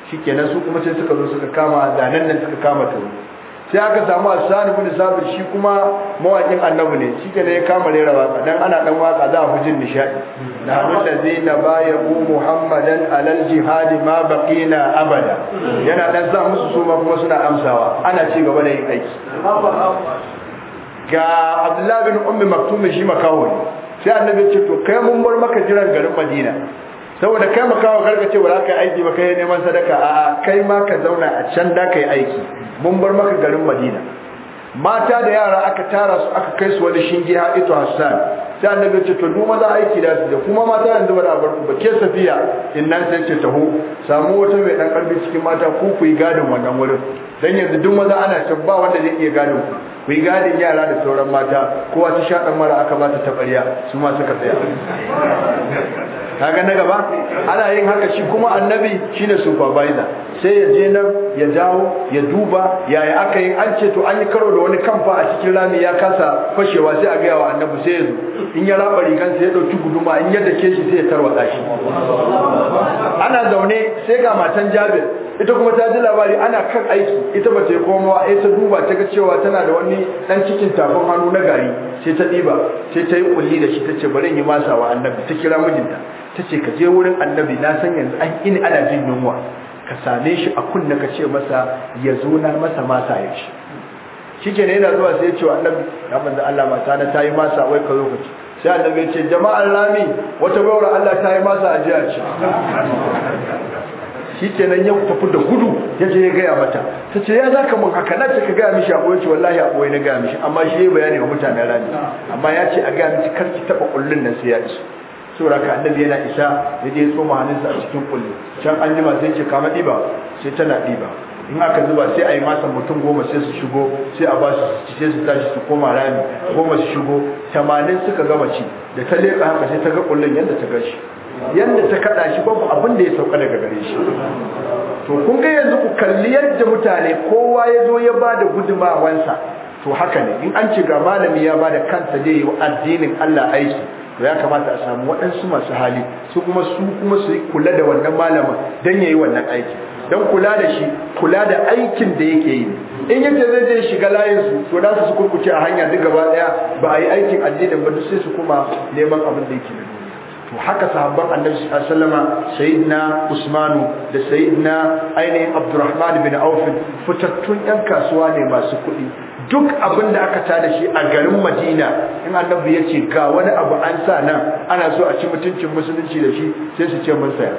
shi su kuma sai suka zo suka kama zanen nan suka kama tauri sai aka samu Hassan ibn Sabir shi kuma mawakin annabi ne ke da ya kama rera waka dan ana dan waka za a fi jin nishadi na Zainab bayu muhammadan alal jihad ma baqina abada yana dan sa musu su ma kuma suna amsawa ana ci gaba da yin aiki ga Abdullahi bin Ummi Maktum shi makawai sai annabi ya ce to kai mun bar maka jiran garin Madina saboda kai kawo karka ce ba ka aiki ba kai neman sadaka a kai ma ka zauna a can da ka aiki mun bar maka garin madina mata da yara aka tara su aka kai su wani shinge ha ito hassan sai annabi ce to duk maza aiki da su kuma mata yanzu ba da bar ku ba ke safiya innan sai ce taho samu wata mai dan karfi cikin mata ku ku yi gadin wannan wurin dan yanzu duk maza ana can ba wanda zai iya gadin ku ku yi gadin yara da sauran mata kowa ta sha mara aka ba ta tabariya su ma suka tsaya kaga na gaba ana yin haka shi kuma annabi shine supervisor sai ya je nan ya jawo ya duba yaya aka yi an ce to an yi karo da wani kamfa a cikin rami ya kasa fashewa sai a gaya wa annabi sai ya zo in ya raba rigan sai ya dauki guduma in ya dake shi sai ya tarwatsa shi ana zaune sai ga matan Jabir ita kuma ta ji labari ana kan aiki ita ba ta komawa ai ta duba ta ga cewa tana da wani dan cikin tafin hannu na gari sai ta diba sai ta yi kulli da shi tace bari in yi masa wa annabi ta kira mijinta tace ka je wurin annabi na san yanzu an ina ana jin yunwa ka same shi a kunna ka ce masa ya zo na masa masa ya ci shike ne yana zuwa sai ya ce wa annabi ya manzo Allah mata na yi masa wai ka zo ka ci sai annabi ya ce jama'an lami wata gaura Allah ta yi masa ajiya ce nan ya tafi da gudu ya je ya gaya mata ta ce ya zaka mun haka na ce ka gaya mishi abuwa ce wallahi abuwa na gaya mishi amma shi ya bayani wa mutanen rani amma ya ce a gaya mishi kar ki taba kullun nan sai ya isu saboda ka annabi yana isa ya je ya tsoma hannunsa a cikin kullu can an jima sai ce kama ɗiba sai tana ɗiba. in aka zuba sai a yi masa mutum goma sai su shigo sai a ba su sai su tashi su koma rami goma su shigo tamanin suka gama ci da ta leƙa haka sai ta ga ƙullun, yadda ta gashi yadda ta kaɗa shi babu abin da ya sauka daga gare shi to kun ga yanzu ku kalli yadda mutane kowa ya zo ya ba da gudumawansa to haka ne in an ci ga malami ya ba da kansa zai yi addinin Allah aiki to ya kamata a samu waɗansu masu hali su kuma su kuma su kula da wannan malamin don ya yi wannan aiki don kula da shi kula da aikin da yake yi in yadda zai je shiga layin su to da su kurkuce a hanya duk gaba daya ba a yi aikin addinin ba duk sai su kuma neman abin da yake to haka sahabban annabi wasallam sayyidina usmanu da sayyidina ainihin abdurrahman bin auf fitattun yan kasuwa ne masu kuɗi duk abin da aka tada shi a garin madina in annabi ya ga wani abu an sa nan ana so a ci mutuncin musulunci da shi sai su ce mun saya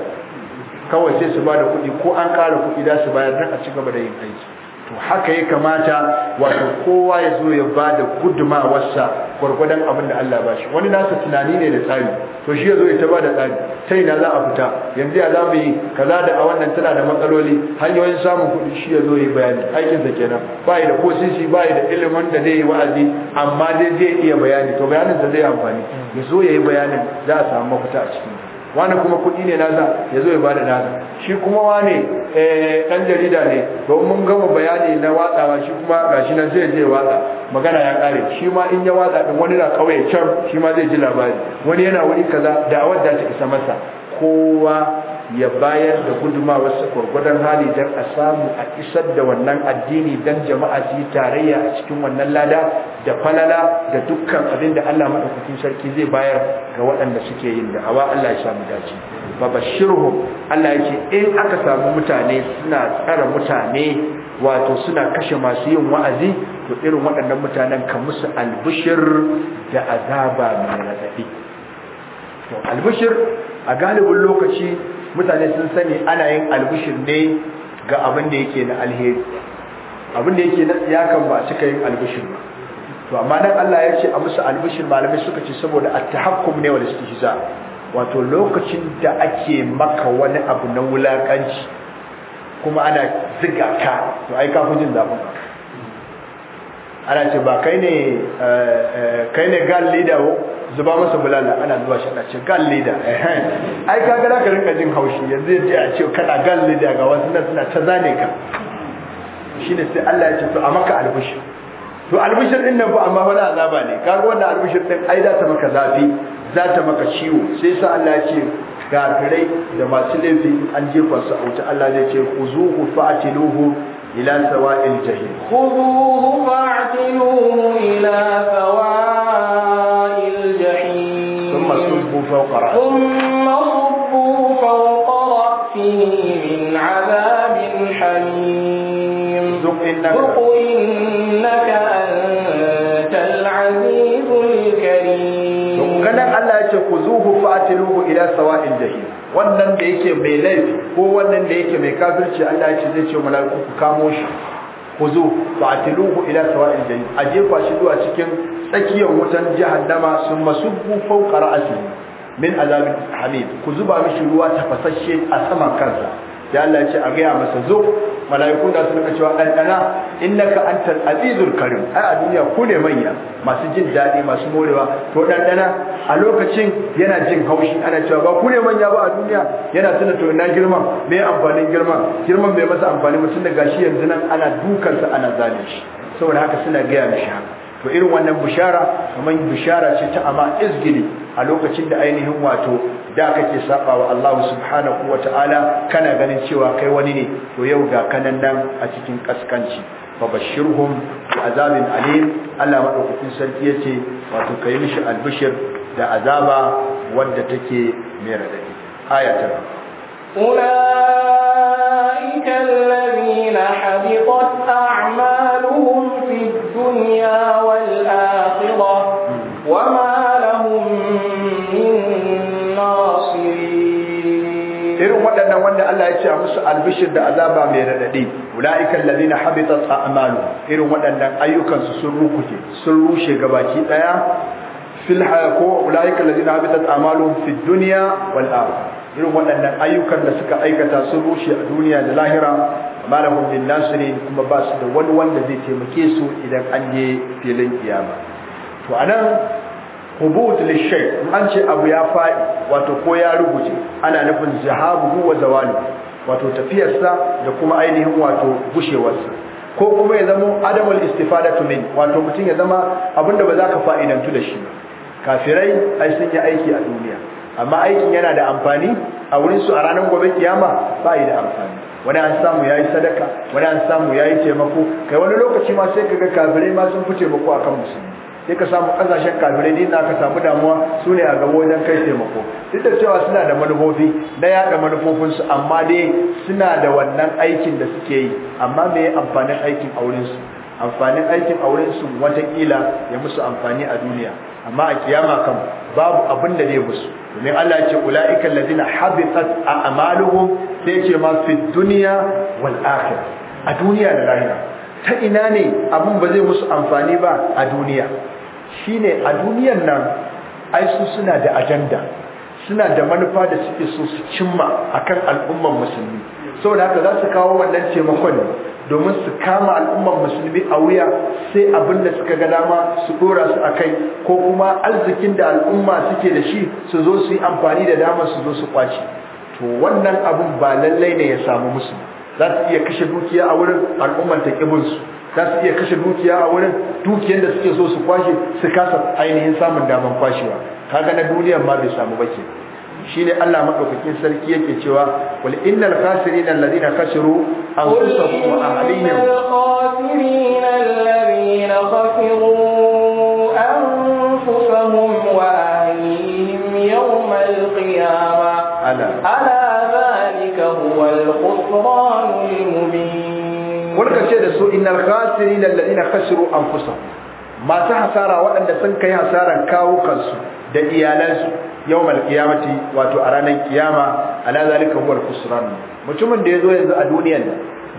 kawai sai su ba da kuɗi ko an ƙara kuɗi za su bayar don a ci gaba da yin aiki to haka ya kamata wato kowa ya zo ya ba da gudumawarsa gwargwadon abin da Allah ba shi wani nasa tunani ne da tsari to shi ya zo ya ta ba da tsari ta na za a fita yanzu ya za mu yi kaza da a wannan tana da matsaloli hanyoyin samun kuɗi shi ya zo ya bayani aikinsa kenan ba da ko sisi ba da ilimin da zai yi wa'azi amma dai zai iya bayani to bayanin da zai amfani ya zo ya yi bayanin za a samu mafita a cikin wani kuma kuɗi ne nasa ya zo ya ba da nasa shi kuma wane eh, ɗan jarida ne ba mun gama bayani na watsawa shi kuma gashi na zai je watsa magana ya kare shi ma in ya watsa ɗin wani na kawai can shi ma zai ji labari wani yana wuri kaza da awar da ta isa masa kowa ya bayar da guduma wasu gwargwadon hali don a samu a isar da wannan addini don jama'a su yi tarayya a cikin wannan lada da falala da dukkan abin da Allah maɗaukakin sarki zai bayar ga waɗanda suke yin hawa Allah ya samu dace ba shirhu, Allah ce in aka samu mutane suna tsara mutane wato suna kashe masu yin wa'azi to irin waɗannan mutanen ka musu albishir da azaba mai raɗaɗi to albishir a galibin lokaci mutane sun sani ana yin albishir ne ga abin da yake na alheri abin da yake na yakan ba cika yin albishir ba to amma nan Allah ya ce a musu albishir malamai suka ce saboda at-tahakkum ne wal istihza wato lokacin da ake maka wani abu na wulakanci kuma ana ziga ka to ai kafin jin zafin ana ce ba kai ne eh, eh, kai ne gal leader zuba masa bulala ana zuwa shi ana ce gan leader ai ka ga ka rinka jin haushi yanzu yace a ce kana gan leader ga wasu nan suna ta zane ka shine sai Allah ya ce to a maka albushir to albishir din nan ba amma wani azaba ne ka ga wannan albishir din ai za ta maka zafi za ta maka ciwo sai sa Allah ya ce kafirai da masu laifi an jefa su a wuta Allah zai ce khuzuhu fa'tiluhu ila sawa'il jahim khuzuhu fa'tiluhu ila sawa'il فوق رأسه ثم صبوا فوق رأسه من عذاب حميم ذق إنك, إنك أنت العزيز الكريم كان الله تخذوه فأتلوه إلى سواء الجحيم wannan da yake mai laifi ko wannan da yake mai kafirci Allah ya ce zai ce mala'iku ku kamo shi ku zo Atiluhu ila sawa'il jahim a jefa shi zuwa cikin tsakiyar wutan jahannama summa masubbu fawqa ra'sihi min azabin hamid ku zuba mishi ruwa tafasasshe a saman kansa ya Allah ce a gaya masa zo mala'iku da suka cewa cewa ɗanɗana innaka antal azizul karim ai a duniya ku ne manya masu jin daɗi masu morewa to ɗanɗana a lokacin yana jin haushi ana cewa ba ku ne manya ba a duniya yana tuna to ina mai me amfanin girma. girman bai masa amfani mutum da gashi yanzu nan ana dukansa ana zalunci saboda haka suna gaya mishi haka to irin wannan bishara kaman bishara ce ta amma izgili a lokacin da ainihin wato da kake saba wa Allah subhanahu wataala kana ganin cewa kai wani ne to yau ga kanan nan a cikin kaskanci fabashirhum bi azabin alim Allah madaukakin sarki yace wato kai mishi albishir da azaba wanda take mai radadi ayatul أولئك الذين حبطت أعمالهم في الدنيا والآخرة وما لهم من ناصرين إرم ودنا ودنا الله يتعى مسو البشر بأذابا من الدين أولئك الذين حبطت أعمالهم إرم ودنا أيوكا سسروكتي سروشي قباكي في الحياة أولئك الذين حبطت أعمالهم في الدنيا والآخرة irin waɗannan ayyukan da suka aikata sun rushe a duniya da lahira amma da min kuma ba su da wani wanda zai taimake su idan an je filin kiyama to a nan hubut in an ce abu ya faɗi wato ko ya rubuce ana nufin zahabu wa zawali wato tafiyarsa da kuma ainihin wato gushewarsa ko kuma ya zama adamul istifadatu min wato mutum ya zama abinda ba za ka fa'idantu da shi ba kafirai ai sun yi aiki a duniya amma aikin yana da amfani a wurin su a ranar gobe kiyama ba yi da amfani wani an samu yi sadaka wani an samu yi taimako kai wani lokaci ma sai kaga kafirai ma sun fi taimako kan musulmi sai ka samu kasashen kafirai na ka samu damuwa su ne a gaba wajen kai taimako duk da cewa suna da manufofi na yada manufofinsu amma dai suna da wannan aikin da suke yi amma me amfanin aikin a wurinsu? amfanin aikin a wurinsu watakila ya musu amfani a duniya amma a kiyama kan babu abin da zai musu domin Allah ya ce ulaika allazina habitat a'maluhum sai ce ma fi dunya wal akhir a duniya da lahira ta ina ne abin ba zai musu amfani ba a duniya shine a duniyan nan ai su suna da ajanda suna da manufa da suke so su cimma akan al'umman musulmi saboda haka za su kawo wannan taimakon domin su kama al'ummar musulmi a wuya sai abin da suka ga dama su dora su a kai, ko kuma arzikin da al'umma suke da shi su zo su yi amfani da dama su zo su kwace to wannan abin ba lallai ne ya samu musu za su iya kashe dukiya a wurin al'ummar ta kibin za su iya kashe dukiya a wurin dukiyar da suke so su kwashe su kasa ainihin samun damar kwashewa kaga na duniyar ma bai samu ba ke. shine Allah madaukakin sarki yake cewa wal innal khasirin alladhina khasiru anfusahum wa ahlihim khasirin alladhina khasiru anfusahum wa ahlihim yawm alqiyamah ala ala zalika huwa alkhusran almubin warka ce da su innal khasirin alladhina khasiru anfusahum masu hasara waɗanda sun kai hasaran kawo kansu da iyalansu yawmal qiyamati wato a ranar kiyama ala zalika huwa al mutumin da ya zo yanzu a duniyar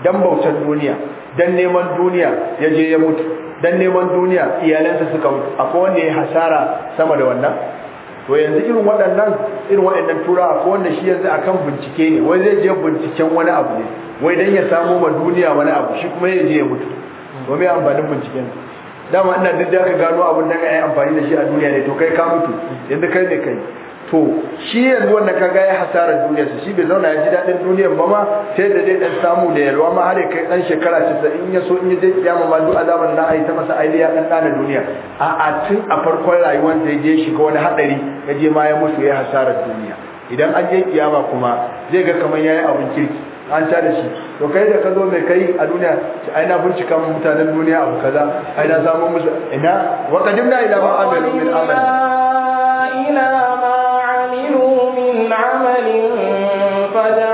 dan bautar duniya dan neman duniya ya ya mutu dan neman duniya iyalansa suka mutu akwai wanda ya hasara sama da wannan to yanzu irin waɗannan irin waɗannan tura akwai wanda shi yanzu akan bincike ne wai zai je binciken wani abu ne wai dan ya samu ma duniya wani abu shi kuma ya ya mutu to me amfanin binciken dama ina duk da ka gano abun da ka yi amfani da shi a duniya ne to kai ka mutu yanzu kai ne kai to shi yanzu wanda kaga ya hasarar duniya su shi bai zauna ya ji daɗin duniya ba ma sai da dai ɗan samu da yalwa ma har ya kai ɗan shekara in ya so in ya je kiyama ma duk azaban da a yi ta masa aili ya ɗan ɗana duniya a a tun a farkon rayuwar da ya je shiga wani haɗari ya je ma ya mutu ya hasarar duniya idan an je kiyama kuma zai ga kamar ya yi abin kirki an tare shi to kai da ka zo mai kai a duniya ce ai na bincika mutanen duniya abu kaza ai na samu musu ina wa qadimna ila ma amilu min amal ila ma amilu min amalin fada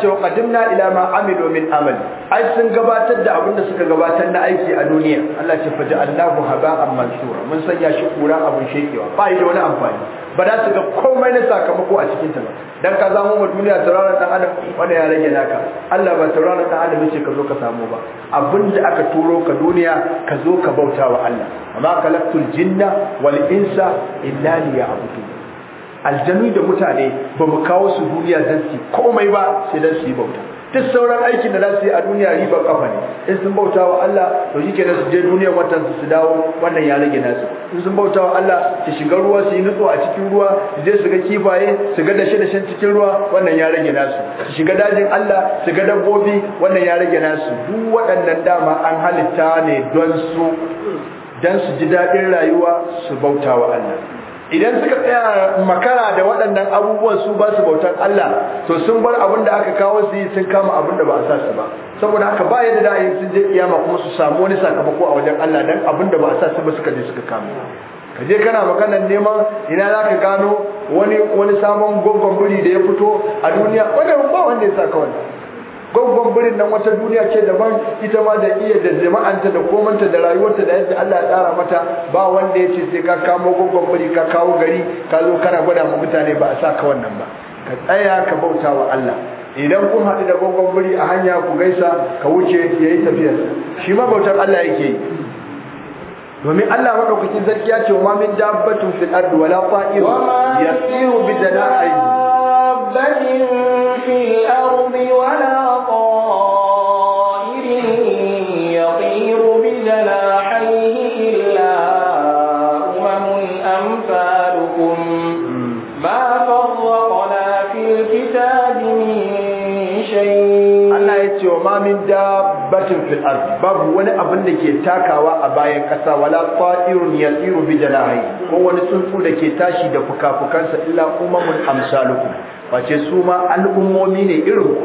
ce wa qadimna ila ma amilu min amal ai sun gabatar da abin da suka gabatar na aiki a duniya Allah ce fa ja'alnahu haba'an mansura mun sanya shi kura abun shekewa ba yi da wani amfani ba za su ga komai na sakamako a cikin ta ba dan ka zamo ma duniya tauraron dan adam wanda ya rage naka Allah ba tauraron dan adam ce ka zo ka samu ba abin da aka turo ka duniya ka zo ka bauta wa Allah amma kalaktul jinna wal insa illa liya'budun aljanu da mutane ba mu kawo su duniya don su komai ba sai don su yi bauta duk sauran aikin da za su yi a duniya riba kafa ne in sun bauta wa Allah to shi kenan su je duniyar watan su dawo wannan ya rage nasu in sun bauta wa Allah su shiga ruwa su yi nutso a cikin ruwa su je su ga kifaye su ga dashe dashen cikin ruwa wannan ya rage nasu su shiga dajin Allah su ga dabbobi wannan ya rage nasu duk waɗannan dama an halitta ne don su don su ji daɗin rayuwa su bauta wa Allah idan suka tsaya makara da waɗannan abubuwan su ba su bautan Allah to sun bar abin da aka kawo su sun kama abin da ba a sa su ba saboda haka ba yadda da ayi sun je kiyama kuma su samu wani sakamako a wajen Allah dan abin da ba a sa su ba suka je suka kama ka je kana maganar neman ina za ka gano wani wani sabon gwangwan buri da ya fito a duniya wannan ba wanda ya sa ka gwaggwan birin nan wata duniya ce daban ita ma da iya da jama'anta da komanta da rayuwarta da yadda Allah ya tsara mata ba wanda ya ce sai ka kamo gwaggwan biri ka kawo gari ka zo kana gwada ma mutane ba a sa ka wannan ba ka tsaya ka bauta wa Allah idan kun haɗu da gwaggon biri a hanya ku gaisa ka wuce ya yi tafiyarsa shi ma bautar Allah yake yi domin Allah madaukakin sarki ya ce wa ma min dabbatin fil ardi wala ta'ir yasiru bi jana'ihi babu wani abin da ke takawa a bayan ƙasa wala fa'irun ya tsiro bi da lahai ko wani tsuntsu da ke tashi da fuka-fukansa illa kuma mun amsa Wace su ma al'ummomi ne irin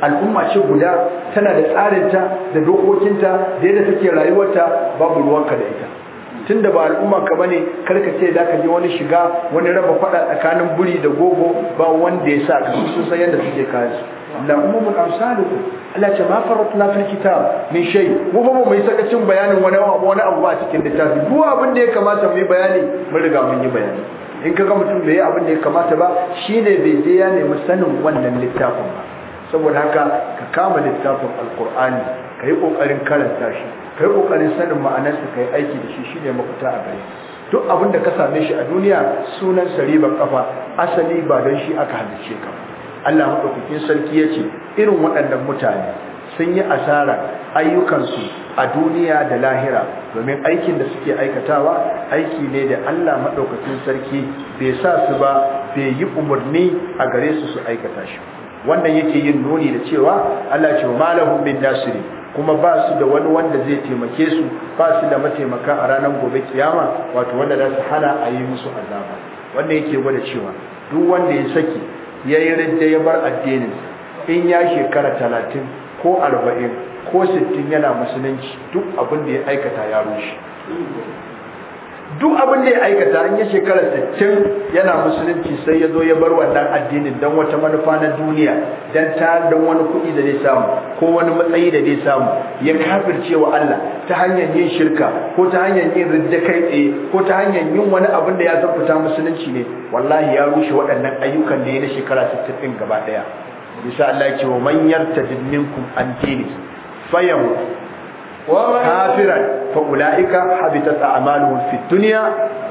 al'umma ce guda tana da tsarinta da dokokinta da yadda take rayuwarta babu ruwanka da ita tunda ba al'umma ka bane karka ce da ka je wani shiga wani raba fada tsakanin buri da gogo ba wanda ya sa ka su san yadda suke kayan su la umumul ku. Allah ce ma faratna fil kitab min shay mu ba mu mai sakacin bayanin wani wani abu a cikin littafi duk abin da ya kamata mu yi bayani mun riga mun yi bayani in kaga mutum bai yi abin da ya kamata ba Shi ne bai je ya nemi sanin wannan littafin ba saboda haka ka kama littafin alkur'ani ka yi ƙoƙarin karanta shi ka yi ƙoƙarin sanin ma'anarsa ka yi aiki da shi shi ne mafita a gare duk abin da ka same shi a duniya sunan sariban kafa asali ba don shi aka halice ka Allah maɗaukakin sarki ya ce irin waɗannan mutane sun yi asara ayyukansu a duniya da lahira domin aikin da suke aikatawa aiki ne da Allah maɗaukacin sarki bai sa su ba bai yi umarni a gare su su aikata shi wannan yake yin nuni da cewa Allah ce wa malahum min nasiri kuma ba su da wani wanda zai taimake su ba su da mataimaka a ranar gobe kiyama wato wanda za su hana a yi musu azaba wannan yake gwada cewa duk wanda ya saki ya yi ya bar addinin, in ya shekara talatin ko arba'in ko sittin yana musulunci duk abin da ya aikata ya rushe duk abin da ya aikata in ya shekara sittin yana musulunci sai ya zo ya bar wannan addinin don wata manufa na duniya don ta don wani kuɗi da zai samu ko wani matsayi da zai samu ya kafirce wa Allah ta hanyar yin shirka ko ta hanyar yin ridda kai tsaye ko ta hanyar yin wani abin da ya zan fita musulunci ne wallahi ya rushe waɗannan ayyukan da ya na shekara sittin gaba ɗaya bisa Allah ya ce wa man yartadid minkum an dinihi fayamu kafiran fa'ula'ika ulaika habitat a'maluhum fid dunya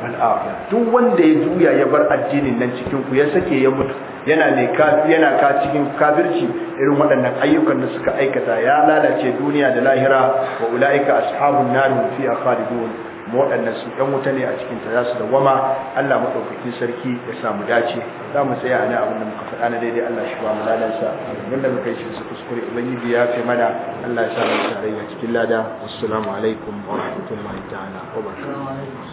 wal akhirah duk wanda ya juya ya bar addinin nan cikin ku ya sake ya mutu yana ne yana ka cikin kafirci irin waɗannan ayyukan da suka aikata ya lalace duniya da lahira wa ulaika ashabun nar fiha khalidun kuma waɗannan su ɗan wuta ne a cikin ta za su dawama Allah maɗaukakin sarki ya samu dace za mu tsaya a nan abin da muka faɗa na daidai Allah shi ba mu ladansa abin da muka yi shi su kuskure ubangiji ya fi mana Allah ya sa mu tarayya cikin lada assalamu alaikum wa rahmatullahi ta'ala wa barakatuh